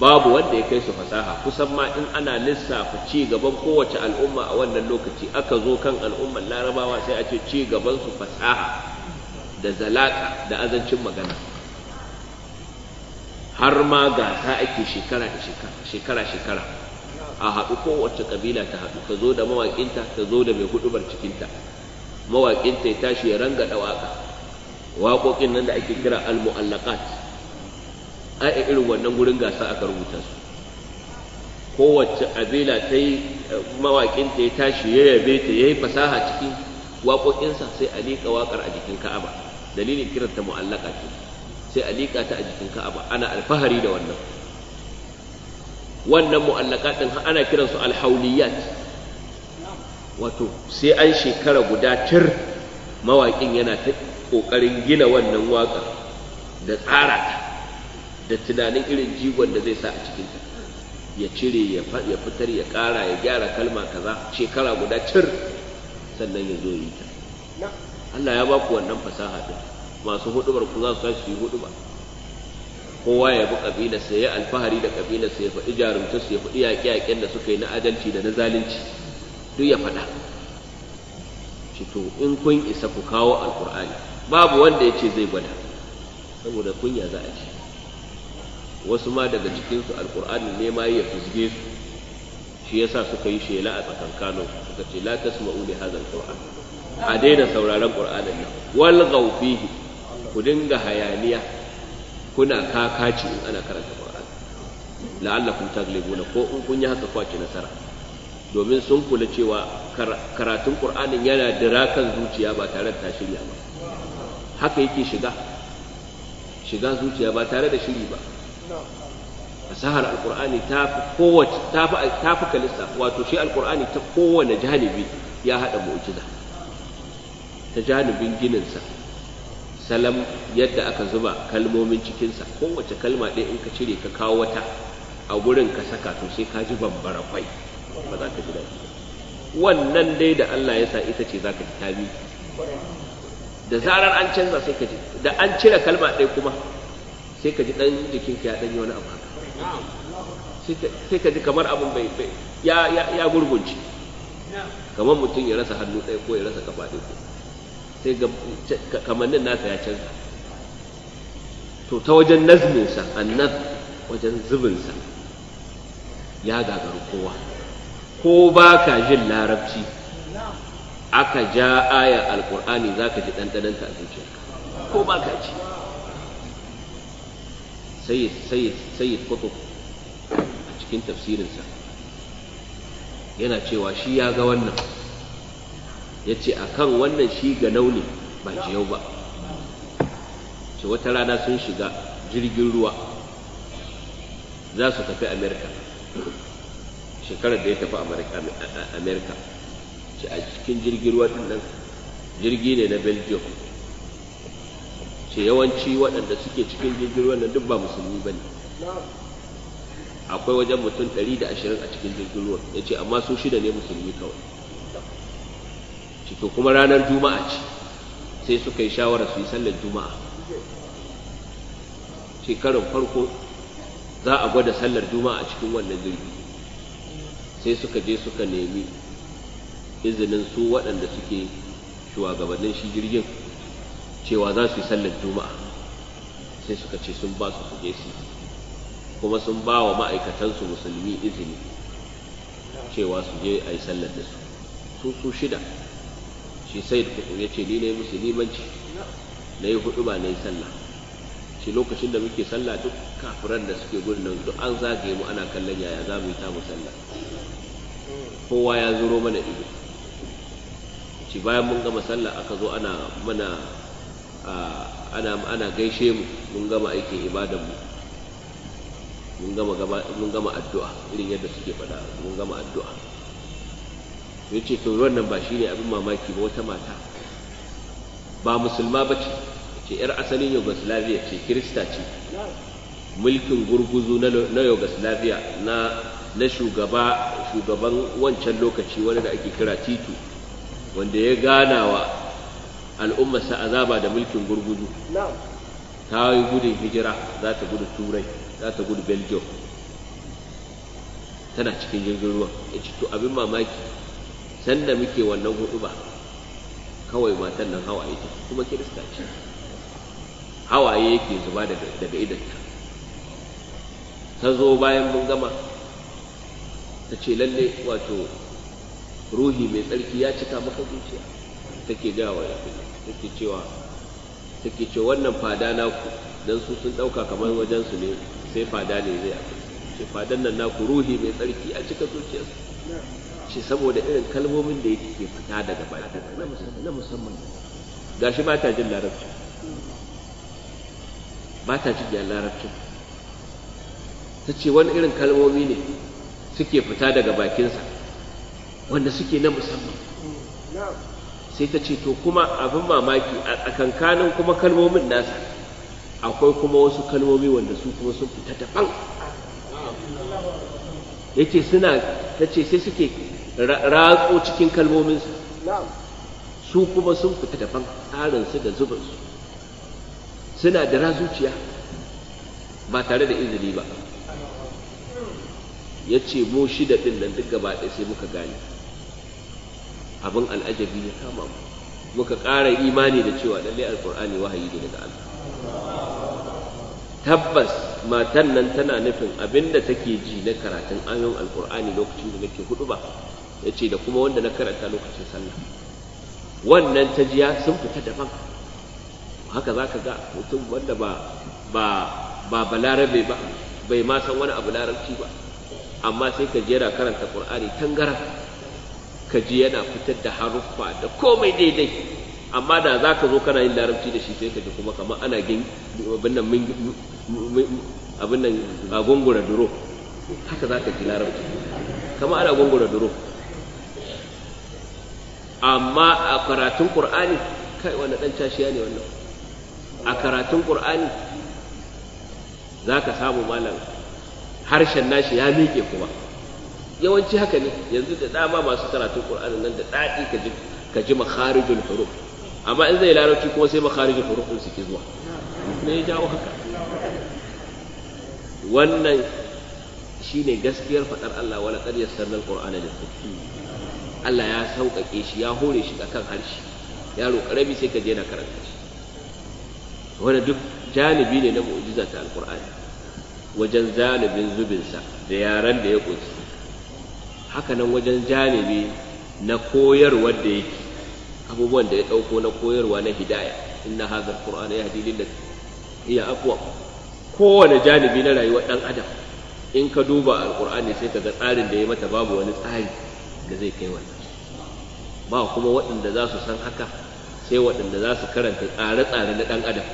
babu wanda ya kai su fasaha kusan ma in ana lissafa ci gaban kowace al'umma a wannan lokaci aka zo kan al'ummar larabawa sai a ce ci gaban su fasaha da zalaka da azancin magana har ma gasa ake shekara da shekara shekara a haɗu kowace ƙabila ta haɗu ta zo da mawaƙinta ta zo da mai hudubar cikinta mawaƙinta ya tashi ya ranga waƙa waƙoƙin nan da ake kira al-mu'allaqat a irin wannan gurin gasa aka rubuta su kowace ƙabila ta yi mawaƙinta ya tashi ya yabe ta ya yi fasaha cikin waƙoƙinsa sai a liƙa waƙar a jikin ka'aba dalilin kiran ta mu'allaka ce sai a liƙa ta a jikin ka'aba ana alfahari da wannan wannan mu'allaka din ana kiran su alhauliyat wato sai an shekara guda tir mawaƙin yana ta ƙoƙarin gina wannan waƙa da tsara ta da tunanin irin jigon da zai sa a cikinta ya cire ya fitar ya ƙara ya gyara kalma kaza shekara guda cir sannan ya zo yi ta Allah ya ba ku wannan fasaha din masu huɗubar ku za su tashi su yi kowa ya bi kabilar sai ya alfahari da kabilar sai ya faɗi jarumta sai ya faɗi yaƙe-yaƙen da suka yi na adalci da na zalunci duk ya faɗa shi to in kun isa ku kawo Alƙur'ani. babu wanda ya ce zai gwada saboda kunya za a ce wasu ma daga cikinsu alkur'ani ne ma ya fizge su shi yasa suka yi shela a kano suka ce la tasma'u li hadha alquran a daina sauraron qur'anin nan wal ghawfihi ku dinga hayaniya kuna kakaci in ana karanta Qur'ani la'allakum taglibuna ko in kun yi haka kwace nasara domin sun kula cewa karatun Qur'anin yana dirakan zuciya ba tare da shirya ba haka yake shiga shiga zuciya ba tare da shiri ba fasahar alqur'ani ta fi kowace ta fi ta fi kalista wato shi alqur'ani ta kowane janibi ya hada mu'jiza ta janibin gininsa salam yadda aka zuba kalmomin cikinsa kowace kalma ɗaya in ka cire ka kawo wata a gurin ka saka to sai ka ji bambara kwai ba za ka ji daɗi wannan dai da Allah ya sa ita ce za ka ji ta da zarar an canza sai ka ji da an cire kalma ɗaya kuma sai ka ji ɗan jikinka ya ɗan yi wani abu
haka
sai ka ji kamar abin bai ya gurgunci kamar mutum ya rasa hannu ɗaya ko ya rasa kafa ɗaya sai kamannin nasa ya canza to ta wajen nazminsa annab wajen zubinsa ya gagaru kowa ko ba ka jin larabci aka ja ayar alkur'ani za ka ji ɗanɗanen ta zuciyarka ko ba ka ci sayyid a cikin tafsirinsa yana cewa shi ya ga wannan ya ce a kan wannan shi ga nauni ba jiyau ba ce wata rana sun shiga jirgin ruwa za su tafi amerika shekarar da ya tafi amerika ce a cikin jirgin ruwa din nan jirgi ne na belgium ce yawanci waɗanda suke cikin jirgin ruwa nan duk ba musulmi ba ne akwai wajen mutum 120 a cikin jirgin ruwa. ya ce amma su shida ne musulmi kawai ci kuma ranar juma'a ce sai suka yi shawarar su yi sallar juma'a shekarar farko za a gwada sallar juma'a cikin wannan jirgi sai suka je suka nemi izinin su waɗanda suke shugabannin shi jirgin cewa za su yi sallar juma'a sai suka ce sun ba su kuje su kuma sun ba wa ma'aikatansu musulmi izini cewa su je a yi sallar da su su su shida shi da kutub ya ce ni yi musu limanci na yi hudu ba na yi sallah shi lokacin da muke sallah duk kafiran da suke gudun nan duk an zagaye mu ana kallon yaya za mu yi ta mu sallah kowa ya zuro mana ido ci bayan mun gama sallah aka zo ana mana ana gaishe mu mun gama aikin ibadan mu mun gama mun gama addu'a irin yadda suke fada mun gama addu'a ya ce to wannan ba shi ne abin mamaki ba wata mata ba musulma ba ce ce yar asalin yugoslavia ce kirista ce mulkin gurguzu na yugoslavia na na shugaba shugaban wancan lokaci wani da ake kira titu wanda ya gana wa al'ummarsa azaba da mulkin gurguzu ta yi gudun hijira za ta gudu turai za ta gudu belgium tana cikin jirgin ruwa ya ce to abin mamaki Tanda muke wannan hudu ba kawai matan nan hawaye ta kuma kirista ce hawaye yake zuba daga idanta ta zo bayan mun gama ta ce lalle wato ruhi mai tsarki ya cika maka zuciya take gaya wa take cewa take ce wannan fada naku dan su sun dauka kamar wajen su ne sai fada ne zai ce fadan nan naku ruhi mai tsarki a cika zuciyarsa ce saboda irin kalmomin da yake fita daga baki na musamman gashi shi jin larabci ba ta jin larabci ta ce wani irin kalmomi ne suke fita daga bakinsa wanda suke na musamman sai ta ce to kuma abin mamaki a kankanin kuma kalmomin nasa akwai kuma wasu kalmomi wanda su kuma sun fita daban yake suna ta ce sai suke ratso cikin kalmominsa su kuma sun fita daban tsarinsu da zubinsu suna da razuciya ba tare da izini ba ya ce mu shida ɗin nan duk gaba ɗaya sai muka gane abin al'ajabi ya kama mu muka ƙara imani da cewa lalle alƙur'ani wahayi ne daga Allah tabbas matan nan tana nufin abinda take ji na karatun ayoyin alƙur'ani lokacin da nake hudu ba yace da kuma wanda na karanta lokacin sallah wannan ta jiya sun fita daban haka za ka ga mutum wanda ba ba ba balarabe ba bai ma san wani abu larabci ba amma sai ka jera karanta qur'ani tangara ka ji yana fitar da haruffa da komai daidai amma da za ka zo kana yin larabci da shi sai ka ji kuma kamar ana gin abin nan a gungura duro haka za ka ji larabci kamar ana gungura duro amma a karatun qur'ani kai wani ɗan cashiya ne wannan a karatun za ka samu malam harshen nashi ya miƙe kuma yawanci haka ne yanzu da dama masu karatun qur'ani nan da dadi ka ji ka ji makharijul huruf amma in zai larabci kuma sai makharijul huruf su ke zuwa ne ya jawo haka wannan shine gaskiyar faɗar Allah wala qad yassarna al-qur'ana lil-dhikr Allah ya sauƙaƙe shi ya hore shi akan harshe yaro rabi sai ka je na karanta shi wani duk janibi ne na mu'jiza ta alqur'ani wajen janibin zubinsa da yaran da ya ƙunshi haka nan wajen janibi na koyarwa da yake abubuwan da ya ɗauko na koyarwa na hidaya inna hadha alqur'ana yahdi lillati hiya aqwa kowane janibi na rayuwar ɗan adam in ka duba alqur'ani sai ka ga tsarin da ya mata babu wani tsari da zai kai wannan ba kuma waɗanda za su san haka sai waɗanda za su karanta tsare-tsare na ɗan adam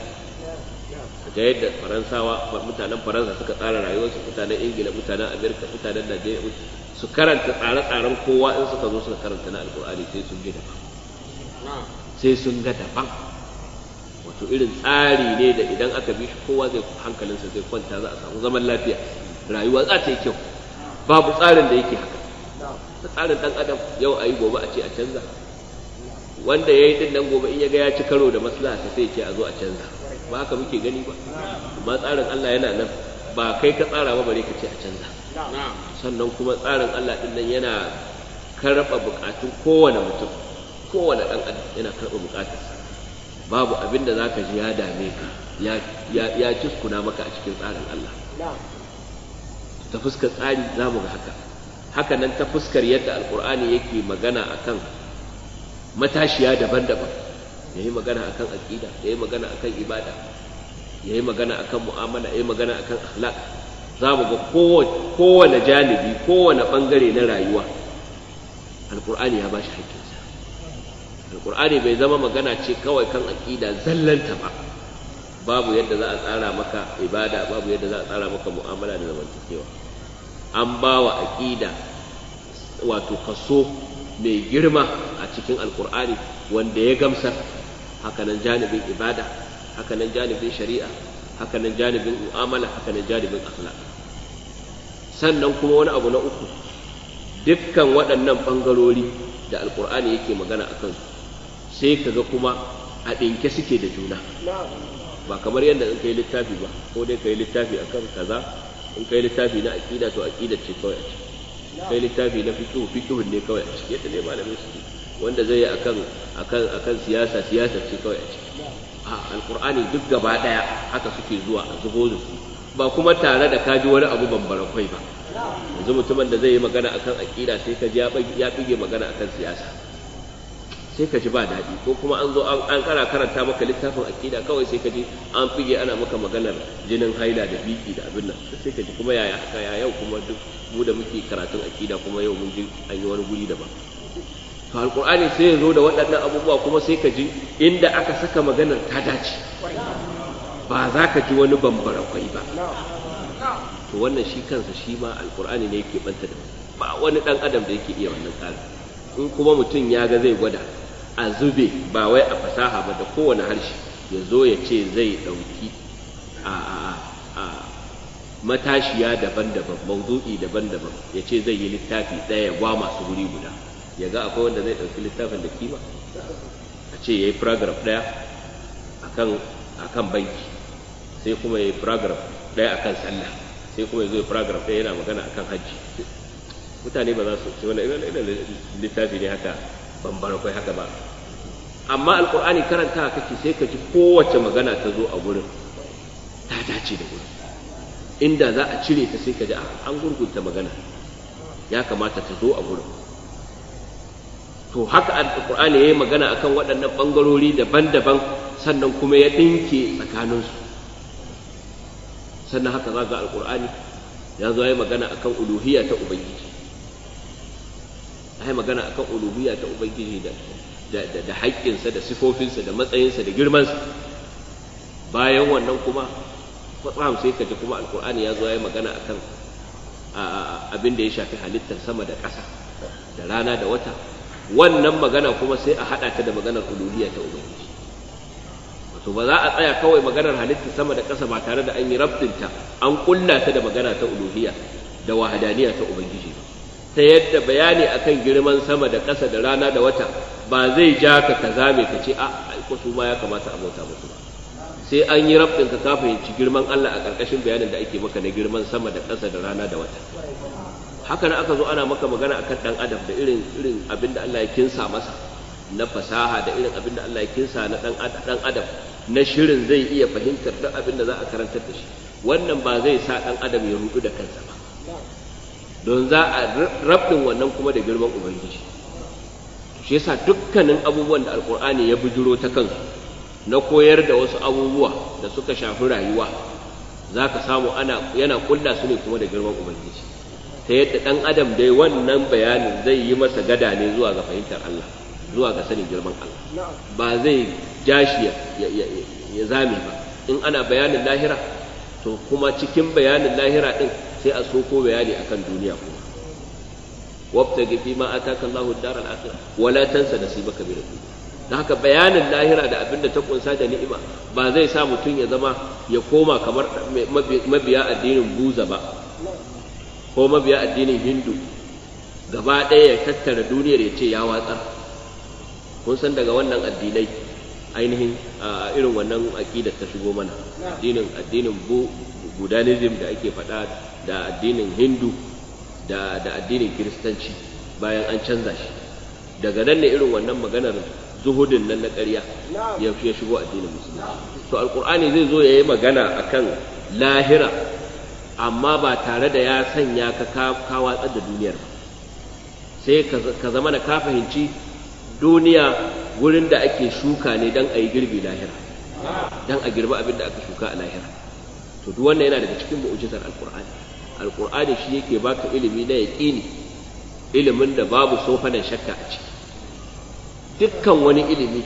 ta yadda faransawa mutanen faransa suka tsara rayuwarsu mutanen ingila mutanen amerika mutanen najeriya su karanta tsare-tsaren kowa in suka zo suka karanta na alkur'ani sai sun ji
daban
sai sun ga daban wato irin tsari ne da idan aka bi shi kowa zai hankalinsa zai kwanta za a samu zaman lafiya rayuwa za ta yi kyau babu tsarin da yake haka ta tsarin ɗan adam yau a yi gobe a ce a canza wanda ya yi din nan gobe in ya ga ya ci karo da maslaha ta sai ce a zo a canza ba haka muke gani ba amma tsarin Allah yana nan ba kai ka tsara ba bare ka ce a canza sannan kuma tsarin Allah din nan yana karɓa buƙatun kowane mutum kowane ɗan adam yana karɓa bukatarsa babu abin da zaka ji ya dame ka ya cuskuna maka a cikin tsarin Allah ta fuskar tsari za mu ga haka haka nan ta fuskar yadda alkur'ani yake magana akan matashiya daban-daban yayi magana akan aqida yayi magana akan ibada yayi magana akan mu'amala yayi magana akan akhlaq za mu ga kowane janibi kowane bangare na rayuwa alkur'ani ya bashi hakkinsa alkur'ani bai zama magana ce kawai kan aqida zallanta ba babu yadda za a tsara maka ibada babu yadda za a tsara maka mu'amala da zamantakewa an ba wa aƙida wato kaso mai girma a cikin alkur'ani wanda ya gamsar hakanan janibin ibada hakanan janibin shari'a hakanan janibin mu'amala hakanan janibin akhlaq sannan kuma wani abu na uku dukkan waɗannan ɓangarori da alkur'ani yake magana a kansu sai kaga kuma a ɗinke suke da juna ba kamar yadda in kai littafi ba ko dai kai littafi akan kaza in kai littafi na aqida to aqida ce kawai a ciki kai littafi na fiqh fiqh ne kawai a ciki yadda ne malamai su wanda zai yi akan akan akan siyasa siyasa ce kawai a ciki a alqur'ani duk gaba daya haka suke zuwa a zubo su ba kuma tare da kaji wani abu bambara kai ba yanzu mutumin da zai yi magana akan aqida sai ka ji ya bige magana akan siyasa sai ka ji ba daɗi ko kuma an zo an kara karanta maka littafin aƙida kawai sai ka ji an fige ana maka maganar jinin haila da biki da abin nan sai ka ji kuma yaya aka ya yau kuma duk mu da muke karatun aƙida kuma yau mun ji an yi wani guri daban to alƙur'ani sai ya zo da waɗannan abubuwa kuma sai ka ji inda aka saka maganar ta dace ba za ka ji wani bambara kwai ba to wannan shi kansa shi ma alƙur'ani ne yake banta da ba wani ɗan adam da yake iya wannan tsarin in kuma mutum ya ga zai gwada a zube ba wai a fasaha ba da kowane harshe ya zo ya ce zai ɗauki a matashiya daban-daban mawdu'i daban-daban ya ce zai yi littafi ɗaya ba masu wuri guda ya ga akwai wanda zai ɗauki littafin da kima a ce ya yi paragraf ɗaya a kan banki sai kuma ya yi paragraf ɗaya a kan sallah sai kuma ya zo ya paragraf ɗaya yana magana a kan hajji mutane ba za su ce wani irin littafi ne haka bambara kai haka ba amma alkur'ani karanta kake sai ka ji kowace magana ta zo a gurin ta dace da gurin inda za a cire ta sai ka ji ah, an gurgunta magana ya kamata ta zo a gurin to haka alkur'ani ya yi magana akan waɗannan ɓangarori daban-daban sannan kuma ya ɗinke tsakaninsu sannan haka za ga alkur'ani ya zo ya yi magana akan uluhiyya ta ubangiji ai magana akan ulubiya ta ubangiji da da haƙƙinsa da sifofinsa da matsayinsa da girmansa bayan wannan kuma kwatsam sai ka ji kuma alkur'ani ya zo ya yi magana akan abin da ya shafi halittar sama da ƙasa da rana da wata wannan magana kuma sai a haɗa ta da maganar uluhiyya ta ubangiji wato ba za a tsaya kawai maganar halittar sama da ƙasa ba tare da an yi rabtinta an ƙulla ta da magana ta uluhiyya da wahadaniya ta ubangiji ta yadda bayani akan girman sama da ƙasa da rana da wata ba zai ja ka ka zame ka ce a ko su ma ya kamata a bauta musu ba sai an yi rabdin ka ka fahimci girman Allah a ƙarƙashin bayanin da ake maka na girman sama da ƙasa da rana da wata haka na aka zo ana maka magana akan dan adam da irin irin abin da Allah ya kinsa masa na fasaha da irin abin da Allah ya kinsa na dan adam na shirin zai iya fahimtar duk abin da za a karantar da shi wannan ba zai sa dan adam ya rudu da kansa ba don za a rabdin wannan kuma da girman ubangiji shi yasa dukkanin abubuwan da alkur'ani ya bujuro ta kansu na koyar da wasu abubuwa da suka shafi rayuwa za ka samu ana yana kulla su ne kuma da girman ubangiji ta yadda ɗan adam dai wannan bayanin zai yi masa gada ne zuwa ga fahimtar Allah zuwa ga sanin girman Allah ba zai jashi ya zame ba in ana bayanin lahira to kuma cikin bayanin lahira ɗin sai a soko bayani akan duniya kuma wabtagi fi ma ataka Allahu dar akhirah wala tansa nasibaka min ad dan haka bayanin lahira da abinda ta kunsa da ni'ima ba zai sa mutum ya zama ya koma kamar mabiya addinin buza ba ko mabiya addinin hindu gaba ɗaya ya tattara duniyar ya ce ya watsar kun san daga wannan addinai ainihin irin wannan aƙidar ta shigo mana addinin addinin budanism da ake faɗa da addinin hindu da da addinin kiristanci bayan an canza shi daga nan ne irin wannan maganar zuhudin nan na ƙarya ya shigo addinin musulunci to alkur'ani zai zo ya yi magana akan lahira amma ba tare da ya sanya ka ka watsar da duniyar ba sai ka zama na ka fahimci duniya wurin da ake shuka ne don a yi girbi lahira don a girbi abin da aka shuka a lahira to duk wannan yana daga cikin mu'ujizar alkur'ani alqur'ani shi yake baka ilimi na yaƙini, ilimin da babu sofanan shakka a ciki dukkan wani ilimi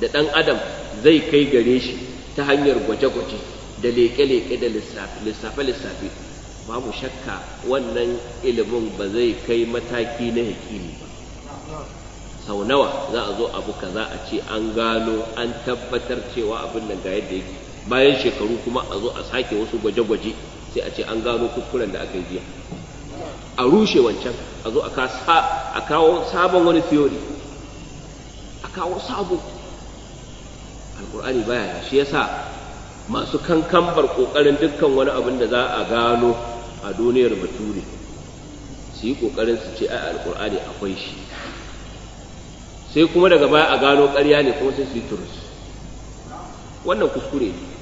da ɗan adam zai kai gare shi ta hanyar gwaje-gwaje da leƙe leke da lissafe-lissafe babu shakka wannan ilimin ba zai kai mataki na yaƙini ba sau nawa za a zo abu kaza a ce an gano an tabbatar cewa abin nan ga yadda yake bayan shekaru kuma a zo a sake wasu gwaje-gwaje sai a ce an gano kuskuren da aka yi jiya a rushe wancan a zo a kawo sabon wani theory a kawo sabo alkur'ani baya ya shi yasa masu kankambar kokarin dukkan wani abin da za a gano a duniyar bature su yi kokarin su ce ai alkur'ani akwai shi sai kuma daga baya a gano ƙarya ne kuma sai su yi turus wannan kuskure ne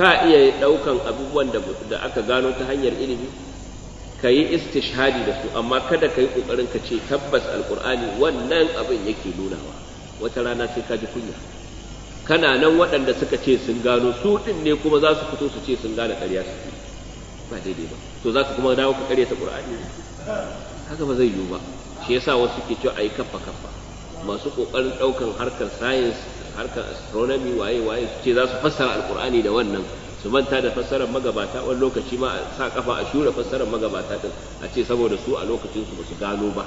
ka iya ɗaukan abubuwan da aka gano ta hanyar ilimi ka yi istishhadi da su amma kada ka yi ƙoƙarin ka ce tabbas alƙur'ani wannan abin yake nunawa wata rana sai ka ji kunya kana nan waɗanda suka ce sun gano su ɗin ne kuma za su fito su ce sun gane ƙarya su ba daidai ba to za su kuma dawo ka ƙarya ta ƙur'ani haka ba zai yiwu ba shi yasa wasu ke cewa a yi kaffa kaffa masu ƙoƙarin ɗaukan harkar sayins harkar astronomy waye waye ce za su fassara alkur'ani da wannan su manta da fassarar magabata wani lokaci ma sa kafa a shura fassarar magabata din a ce saboda su a lokacin su basu gano ba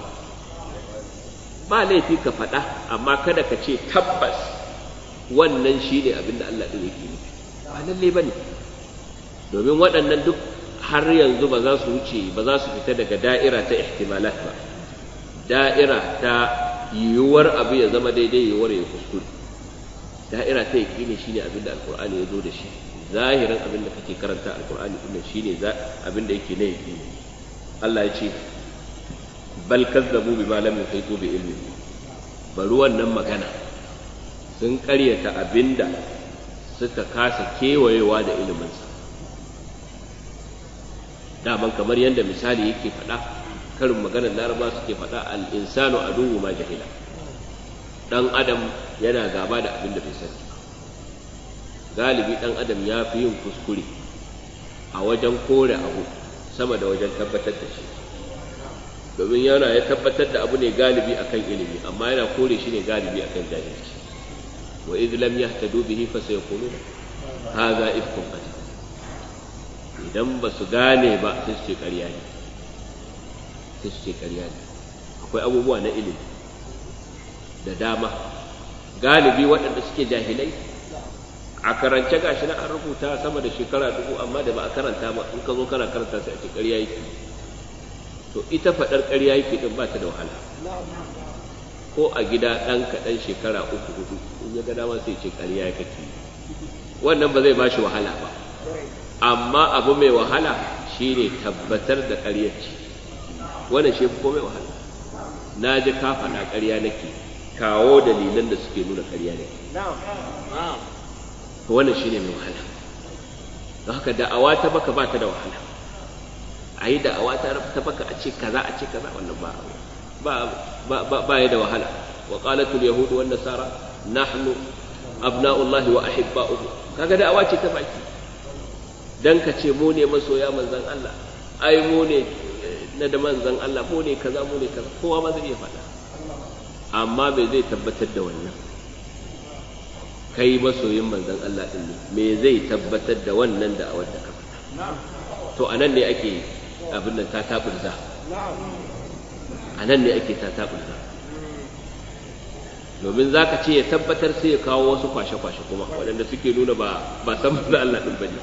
ba laifi ka faɗa amma kada ka ce tabbas wannan shi ne abin da Allah ɗin yake nufi ba lalle ba ne domin waɗannan duk har yanzu ba za su wuce ba za su fita daga da'ira ta ihtimalat ba da'ira ta yiwuwar abu ya zama daidai yiwuwar ya kuskure da'ira ta ne ne abin abinda alkur'ani ya zo da shi zahirin abinda kake karanta alkur'ani din abin abinda yake na ne Allah ya ce bal kazzabu ma lam yuhitu bi ilmi bari wannan magana sun karyata abinda suka kasa kewayewa da iliminsa daman kamar yadda misali yake faɗa karin maganar laraba suke faɗa al-insanu aduwwu ma jahila dan adam yana gaba da abin da bai sani galibi dan adam ya fi yin kuskure a wajen kore abu sama da wajen tabbatar da shi domin yana ya tabbatar da abu ne galibi akan ilimi amma yana kore shi ne galibi akan jahilci wa idh lam yahtadu bihi fa sayaquluna hadha ifkun qadim idan ba su gane ba sai su ce ƙarya ne sai su ce ƙarya ne akwai abubuwa na ilimi da dama galibi waɗanda suke jahilai a karance shi na an rubuta sama da shekara dubu amma da ba a karanta ba in ka zo kana karanta sai a ce ƙarya yake to ita faɗar ƙarya yake din ba ta da wahala ko a gida ɗan kaɗan shekara uku hudu in ya ga dama sai ce ƙarya kake wannan ba zai ba shi wahala ba amma abu mai wahala shine tabbatar da ƙaryar ce wannan shi komai wahala
na ji ka faɗa
ƙarya nake kawo dalilan da suke nuna ƙarya ne to wannan shine mai wahala don haka da'awa ta baka ba ta da wahala a yi da'awa ta baka a ce kaza a ce kaza wannan ba ba ba ba ya da wahala wa qalatul yahud wa nasara nahnu abna'ullahi wa ahibba'uhu kaga da'awa ce ta baki dan ka ce mu ne masoya manzon Allah ai mu ne eh, na da manzon Allah mu ne kaza mu ne kaza kowa ma zai iya faɗa amma me zai tabbatar da wannan kai masoyin manzon Allah din ne me zai tabbatar da wannan da awar da ka
to anan ne ake
abin nan ta taburza anan ne ake ta taburza domin za ka ce ya tabbatar sai ya kawo wasu kwashe-kwashe kuma waɗanda suke nuna ba ba san manzon Allah din ba ne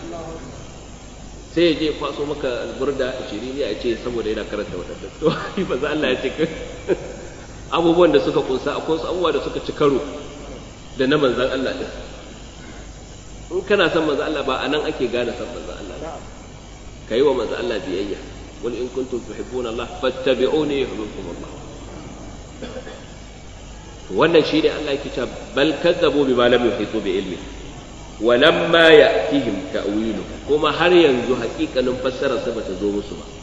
sai ya je kwaso maka alburda a ne a ce saboda yana karanta waɗanda, to ba [laughs] za Allah ya ce abubuwan da suka kunsa akwai wasu abubuwa da suka ci karo da na manzan Allah ɗin in kana son manzan Allah ba a nan ake gane son manzan Allah ka yi wa manzan Allah biyayya wal in kuntum tuhibbuna Allah fattabi'uni yuhibbukum Allah wannan shi ne Allah yake cewa bal kazzabu bima lam yuhitu bi ilmi wa lamma ya'tihim ta'wilu kuma har yanzu haƙiƙanin fassarar sa bata zo musu ba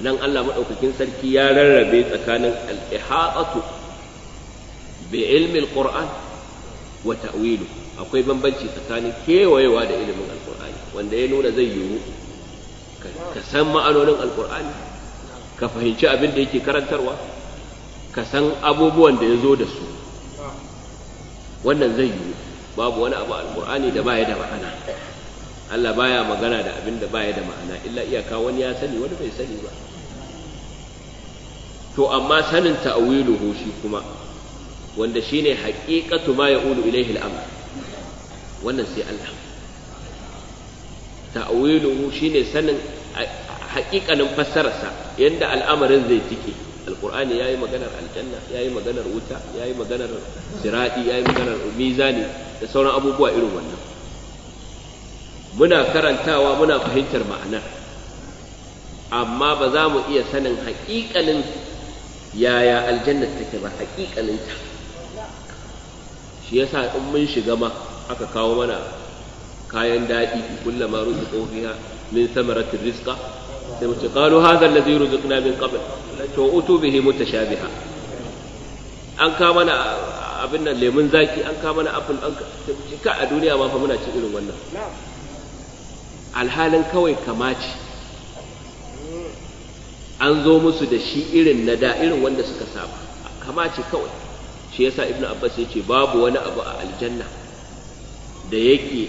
anan Allah maɗaukakin sarki ya rarrabe tsakanin al-ihatatu bi ilmi al-qur'an wa ta'wilu akwai bambanci tsakanin kewayewa da ilimin al-qur'ani wanda ya nuna zai yiwu ka san ma'anonin al-qur'ani ka fahimci abin da yake karantarwa ka san abubuwan da ya zo da su wannan zai yiwu babu wani abu al-qur'ani da baya da ma'ana Allah baya magana da abin da baya da ma'ana illa iyaka wani ya sani wani bai sani ba to amma sanin ta'awiluhu shi kuma wanda shine haqiqatu ma ya'ulu ilayhi al-amr wannan sai Allah ta'awiluhu shine sanin haƙiƙanin fassararsa yadda al'amarin zai tike alƙur'ani ya yi maganar aljanna ya yi maganar wuta ya yi maganar siraɗi ya yi maganar mizani da sauran abubuwa irin wannan muna karantawa muna fahimtar ma'anar amma ba za mu iya sanin haƙiƙanin yaya aljanna take ba haƙiƙaninta shi yasa in mun shiga ma aka kawo mana kayan daɗi kulla kullama ruzuqu fiha min thamarati rizqa sai mu ce qalu hadha alladhi ruzuqna min qabl to utu bihi mutashabiha an kawo mana abin nan lemun zaki an kawo mana apple an sai ka a duniya ma fa muna cin irin wannan alhalin kawai kamaci an zo musu da shi irin na da irin wanda suka saba kama ce kawai shi yasa ibnu abbas ya ce babu wani abu a aljanna da yake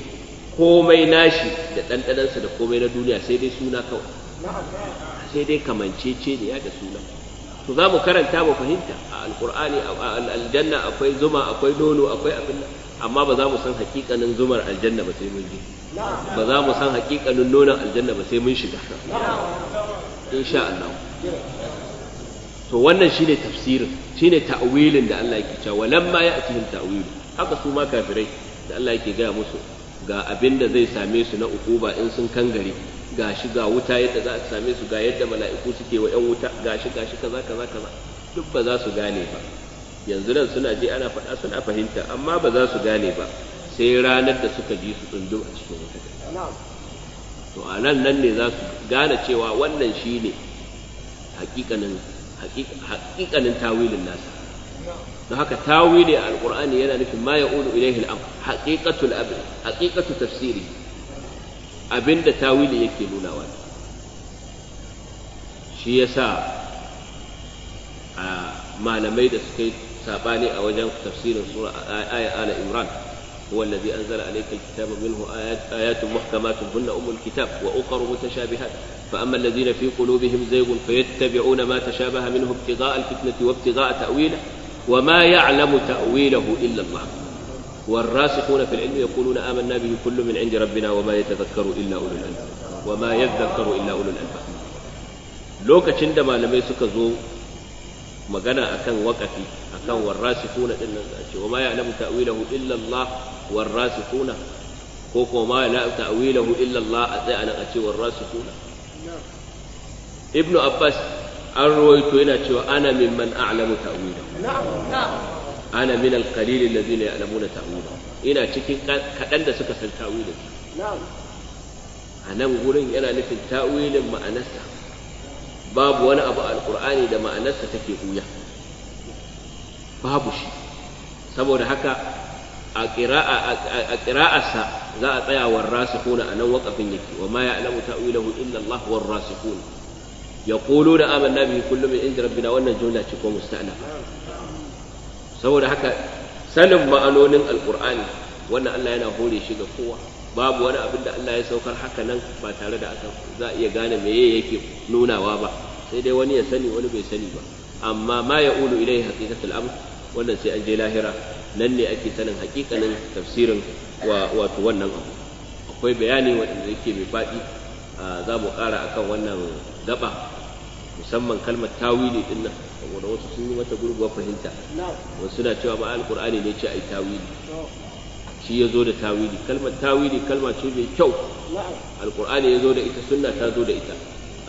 komai nashi da ɗanɗanansa da komai na duniya sai dai suna kawai sai dai kamancece ne ya da suna to za mu karanta mu fahimta a alkur'ani a aljanna akwai zuma akwai nono akwai abin amma ba za mu san hakikanin zumar aljanna ba sai mun je ba za mu san hakikanin nonon aljanna ba sai mun shiga insha Allah to wannan shine tafsirin shine ta'wilin da Allah yake cewa lamma ya'tihim ta'wil haka su ma kafirai da Allah yake gaya musu ga abin da zai same su na ukuba in sun kangare ga shi ga wuta yadda za a same su ga yadda mala'iku suke wa yan wuta ga shi ga shi kaza kaza kaza duk ba za su gane ba yanzu nan suna je ana faɗa suna fahimta amma ba za su gane ba sai ranar da suka ji su tsundum a cikin
wuta
to a nan nan ne za su gane cewa wannan shi ne hakikanin tawilin nasa don haka tawili a alkur'ani yana nufin ma ulu ilaihi al'am haqiqatul abd haqiqatu tafsiri abinda tawili yake nunawa shi yasa a malamai da suka saɓani sabani a wajen tafsirin sura na ala imran هو الذي أنزل عليك الكتاب منه آيات, آيات محكمات هن أم الكتاب وأخر متشابهات فأما الذين في قلوبهم زيغ فيتبعون ما تشابه منه ابتغاء الفتنة وابتغاء تأويله وما يعلم تأويله إلا الله والراسخون في العلم يقولون آمنا به كل من عند ربنا وما يتذكر إلا أولو الألباب وما يذكر إلا أولو الألباب lokacin da لم يسك zo magana akan أكن akan warrasi kuna din nan a ce والراسخون كوكو ما لا تأويله إلا الله أتي أنا أتي والراسخون ابن عباس الرويت هنا أنا ممن أعلم تأويله أنا من القليل الذين يعلمون تأويله ina cikin kaɗan da suka san tawilin
a
nan gurin yana nufin tawilin ma'anarsa babu wani abu alkur'ani da ma'anarsa take buya. babu shi saboda haka a ƙira'arsa za a tsaya wa rasikuna a nan waƙafin yake wa ma ya alamu ta'wilahu illa Allah wa rasikun yaquluna amanna bihi kullum min inda rabbina wannan jumla ce ko musta'ala saboda haka sanin ma'anonin Alƙur'ani wannan Allah yana hore shi ga kowa babu wani abin da Allah ya saukar haka nan ba tare da aka za a iya gane meye yake nunawa ba sai dai wani ya sani wani bai sani ba amma ma ya ulu ilai haqiqatul amr wannan sai an je lahira nan ne ake sanin hakikanin tafsirin wato wannan abu akwai bayani wanda yake mai faɗi za mu ƙara akan wannan gaba musamman kalmar tawili din nan saboda wasu sun yi mata gurguwa fahimta wasu suna cewa ma Alƙur'ani ne ce ai tawili shi ya zo da tawili kalmar tawili kalma ce mai kyau Alƙur'ani ya zo da ita sunna ta zo da ita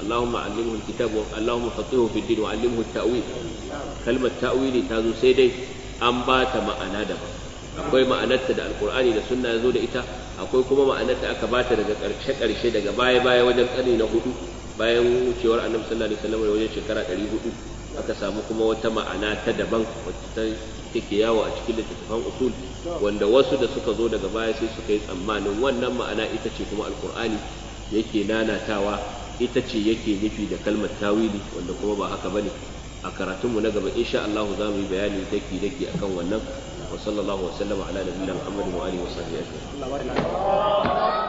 اللهم علمه الكتاب اللهم فقهه في الدين وعلمه التأويل كلمة تأويل تازو سيدي an ba ta ma'ana daban akwai ma'anarta da alkur'ani da sunna ya zo da ita akwai kuma ma'anarta aka ba ta daga ƙarshe ƙarshe daga baya baya wajen ƙarni na hudu bayan wucewar annabi sallallahu alaihi wasallam wajen shekara ɗari hudu aka samu kuma wata ma'ana ta daban wacce ta take yawo a cikin littattafan usul wanda wasu da suka zo daga baya sai suka yi tsammanin wannan ma'ana ita ce kuma alkur'ani yake nanatawa ita ce yake nufi da kalmar tawili wanda kuma ba haka bane a karatunmu na gaba insha Allah za mu yi bayani daki daki akan wannan wa sallallahu wa sallama ala
nabiyina Muhammad wa alihi wa sahbihi